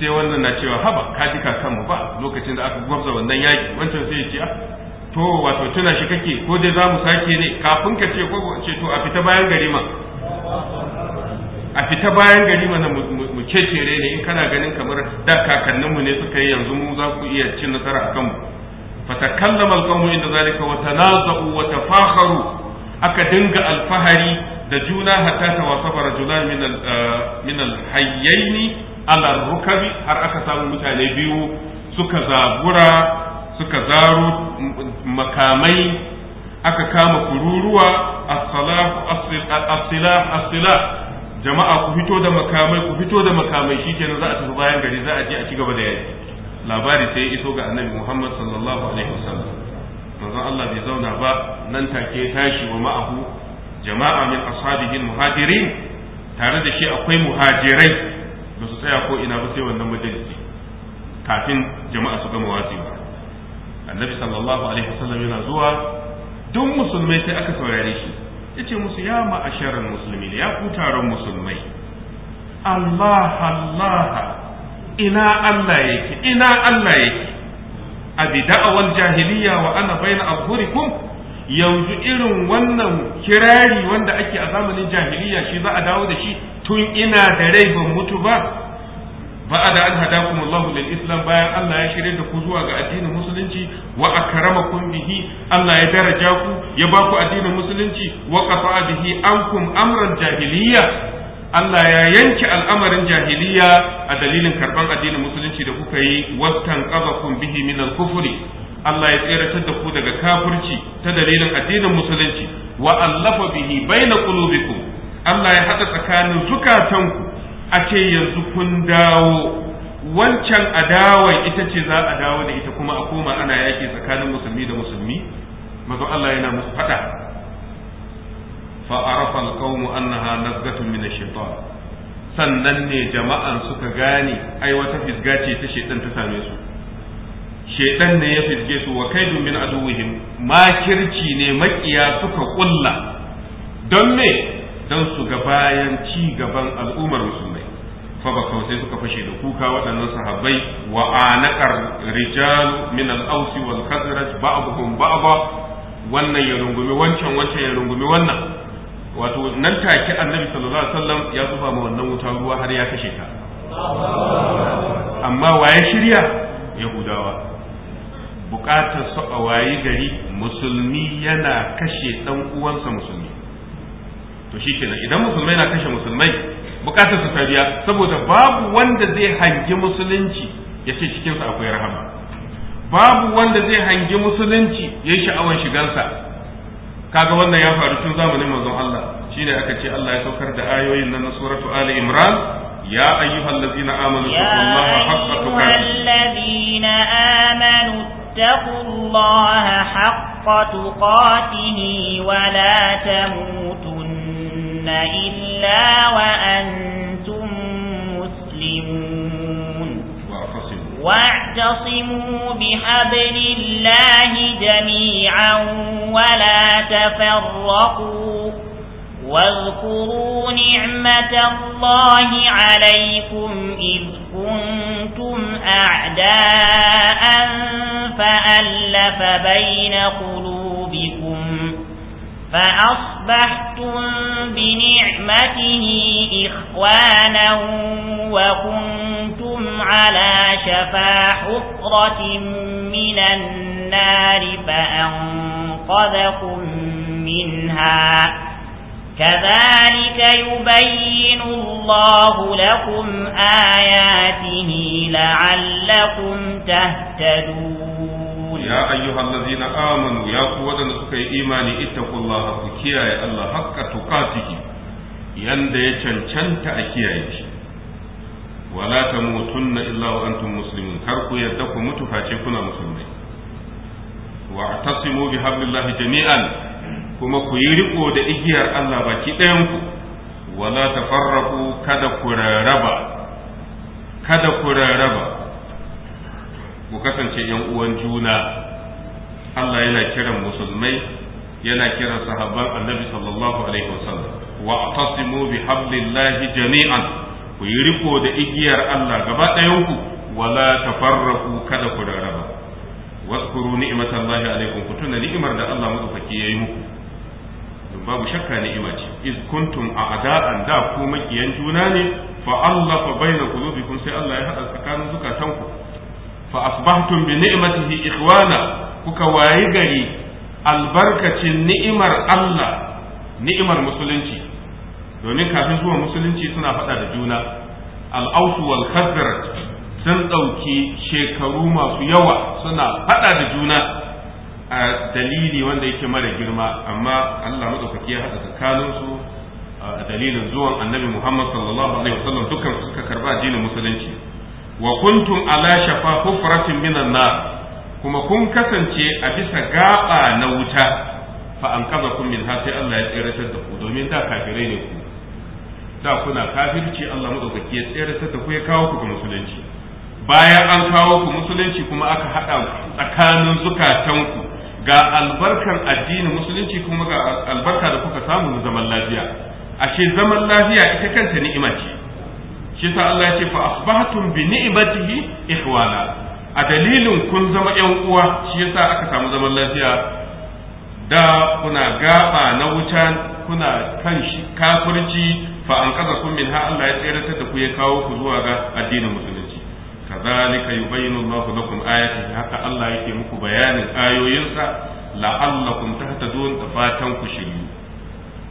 B: sai wannan na cewa haba ka ji kanmu ba lokacin da aka gwabza wannan yaƙi wancan sai ya ce ah, to wato tuna shi kake ko dai za mu sake ne kafin ka ce ko ce to a fita bayan garima a fita bayan gari mana mu kekere ne in kana ganin kamar da kakanninmu ne suka yi yanzu mu za ku iya cin nasara a kanmu Fa fatakallama alqawmu inda zalika wa tanaza'u wa tafakharu aka dinga alfahari da juna hatta tawasafa rajulan min al uh, min al hayyaini ala rukabi har aka samu mutane biyu suka zabura suka zaro makamai aka kama kururuwa as-salah as-silah as-silah jama'a ku fito da makamai ku fito da makamai shikenan za a tafi bayan gari za a je a ci gaba da yaki labari sai ya iso ga annabi Muhammad sallallahu alaihi wasallam manzon Allah bai zauna ba nan take tashi wa ma'ahu jama'a min ashabihi muhajirin tare da shi akwai muhajirai ba su tsaya ko ina ba sai wannan majalisi kafin jama'a su gama watsi ba annabi sallallahu alaihi wasallam yana zuwa duk musulmai sai aka saurare shi yace musu ya ma'asharal muslimin ya ku taron musulmai Allah Allah ina Allah yake ina Allah yake abi da'awal jahiliya wa ana baina abhurikum yanzu irin wannan kirari wanda ake a zamanin jahiliya shi za a dawo da shi tun ina da rai ban mutu ba ba'ada an hadakum Allahu lil Islam bayan Allah ya shirya da ku zuwa ga addinin musulunci wa akramakum bihi Allah ya daraja ku ya baku addinin musulunci wa qafa bihi ankum amran jahiliya Allah ya yanke al'amarin jahiliya a dalilin karban addinin musulunci da kuka yi wattan qabakum bihi min al Allah ya tseratar da daga kafurci ta dalilin addinin musulunci wa allafa bihi baina qulubikum Allah ya haɗa tsakanin zukatanku a ce yanzu kun dawo wancan adawar ita ce za a dawo da ita kuma a koma ana yaki tsakanin musulmi da musulmi mazo Allah yana musu fada fa arafa alqawmu annaha nazgatun min ash-shaytan sannan ne jama'an suka gane ai wata fisga ce ta shedan ta same su shedan ne ya fisge su wa kaidu min aduwihim makirci ne makiya suka kulla don me don su ga bayan ci gaban al'ummar musulmi fa bakau sai suka fashe da kuka waɗannan sahabbai wa anaqar rijal min al-aws wal khazraj ba'dhum ba'dha wannan ya wancan wancan ya wannan wato nan take annabi sallallahu alaihi wasallam ya zuba ma wannan wuta ruwa har ya kashe ta amma waye shirya yahudawa bukatar su a waye gari musulmi yana kashe dan uwansa musulmi to shikenan idan musulmai na kashe musulmai bukatar su kariya saboda babu wanda zai hangi musulunci ya ce cikin sa akwai rahama babu wanda zai hangi musulunci ya yi sha'awar shigansa kaga wannan ya faru tun zamanin manzon Allah shine aka ce Allah ya saukar da ayoyin nan na suratu Ali Imran ya ayyuhal ladzina amanu taqullaha haqqa tuqatih
A: ladzina amanu taqullaha haqqa tuqatih wa la tamutunna تموتن إلا وأنتم مسلمون واعتصموا بحبل الله جميعا ولا تفرقوا واذكروا نعمة الله عليكم إذ كنتم أعداء فألف بين قلوبكم فأصبحتم بنعمته إخوانا وكنتم على شفا حفرة من النار فأنقذكم منها كذلك يبين الله لكم آياته لعلكم تهتدون
B: ya ayyuhal ladzina amanu ya ku wadanda suka yi imani ittaqullaha ku kiyaye Allah hakka tuqatihi yanda ya cancanta a kiyaye shi Walata tamutunna illa wa antum muslimun kar ku yarda ku mutu face kuna musulmai wa'tasimu bihablillahi jami'an kuma ku yi riko da igiyar Allah baki ɗayan ku wala tafarraqu kada ku rarraba. kada ku raraba mu kasance yan uwan juna Allah yana kiran musulmai yana kiran sahabban annabi sallallahu alaihi wasallam wa atasimu bi hablillahi jami'an ku yi riko da igiyar Allah gaba ɗayan ku wala tafarraqu kada ku raraba waskuru ni'matallahi alaikum ku tuna ni'imar da Allah madaukaki yayi muku babu shakka ni'ima ce iz kuntum a'da'an da ku makiyan juna ne fa Allah fa baina qulubikum sai Allah ya hada tsakanin zukatanku fa asbahtum bi ni'matihi ikhwana kuka wayi gari albarkacin ni'imar Allah ni'imar musulunci domin kafin zuwa musulunci suna faɗa da juna al-aus wal sun ɗauki shekaru masu yawa suna faɗa da juna a dalili wanda yake mara girma amma Allah madaukaki ya haɗa tsakaninsu a dalilin zuwan annabi Muhammad sallallahu alaihi wasallam dukkan suka karba addinin musulunci wa kuntum ala shafa hufratin minan nar kuma kun kasance a bisa gaba na wuta fa an kaza kun min sai Allah ya tseratar da ku domin da kafirai ne ku da kuna kafirci Allah madaukaki ya tseratar da ku ya kawo ku ga musulunci bayan an kawo ku musulunci kuma aka hada tsakanin zukatan ku ga albarkan addinin musulunci kuma ga albarka da kuka samu zaman lafiya ashe zaman lafiya ita kanta ni'ima ce shi yasa Allah ya ce fa asbahatum bi ni'matihi ihwana a dalilin kun zama yan uwa shi yasa aka samu zaman lafiya da kuna gaba na wuta kuna kan shi kafirci fa an kaza kun min ha Allah ya tsayar da ku ya kawo ku zuwa ga addinin musulunci kazalika yubayinu Allahu lakum ayatihi haka Allah yake muku bayanin ayoyinsa la'allakum tahtadun da fatan ku shiru.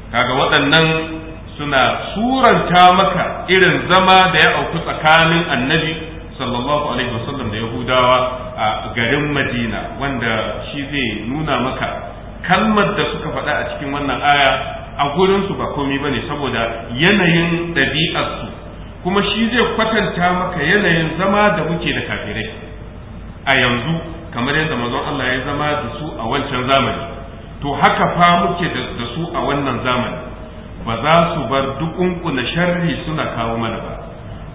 B: kaga waɗannan suna suranta maka irin zama da ya auku tsakanin annabi sallallahu alaihi wasallam da yahudawa a garin madina wanda shi zai nuna maka kalmar da suka faɗa a cikin wannan aya a gurinsu ba komi ba ne saboda yanayin ɗabi'arsu kuma shi zai kwatanta maka yanayin zama da muke da kafirai a yanzu kamar yadda mazan Allah ya zama da su a wancan zamani to haka fa muke da su a wannan zamani ba za su bar dukunkuna sharri suna kawo mana ba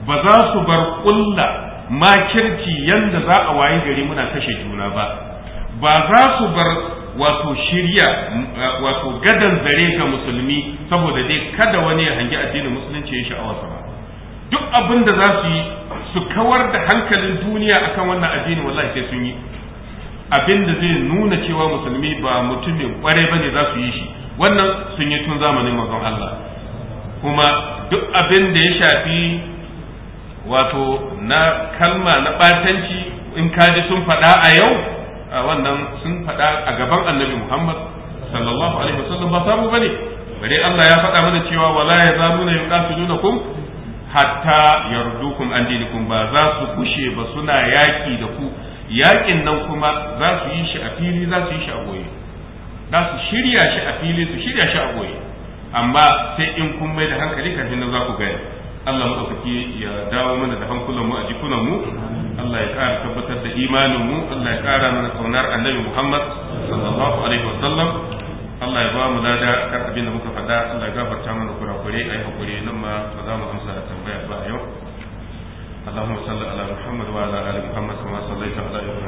B: ba za su bar kulla makirci yanda za a wayi gari muna kashe juna ba ba za su bar wato shirya wato gadan zare ga musulmi saboda dai kada wani ya hangi addinin musulunci ya sha'awarsa ba duk abin da za su yi su kawar da hankalin duniya akan wannan addini wallahi sai sun yi abin da zai nuna cewa musulmi ba mutumin kwarai bane za su yi shi wannan sun yi tun zamanin mazan Allah kuma duk abin da ya shafi wato na kalma na batanci in kaji sun faɗa a yau a wannan sun faɗa a gaban annabi Muhammad sallallahu alaihi wasallam ba samu bane bare Allah ya faɗa mana cewa wala ya yazaluna ku hatta yardukum an dinikum ba za su kushe ba suna yaki da ku yakin nan kuma za su yi shi a fili za su yi shi a goye za su shirya shi a fili su shirya shi a goyi amma sai in kun mai da hankali kafin nan za ku gaya Allah maɗaukaki ya dawo mana da hankulan mu a jikunan mu Allah ya ƙara tabbatar da imanin mu Allah ya ƙara mana kaunar annabi Muhammad sallallahu alaihi wasallam Allah ya ba mu lada kar abin da muka faɗa Allah ya gafarta mana kurakure ai hakuri nan ma ba za mu amsa da tambaya ba yau Allahumma salli ala Muhammad wa ala ali Muhammad kama sallaita ala Ibrahim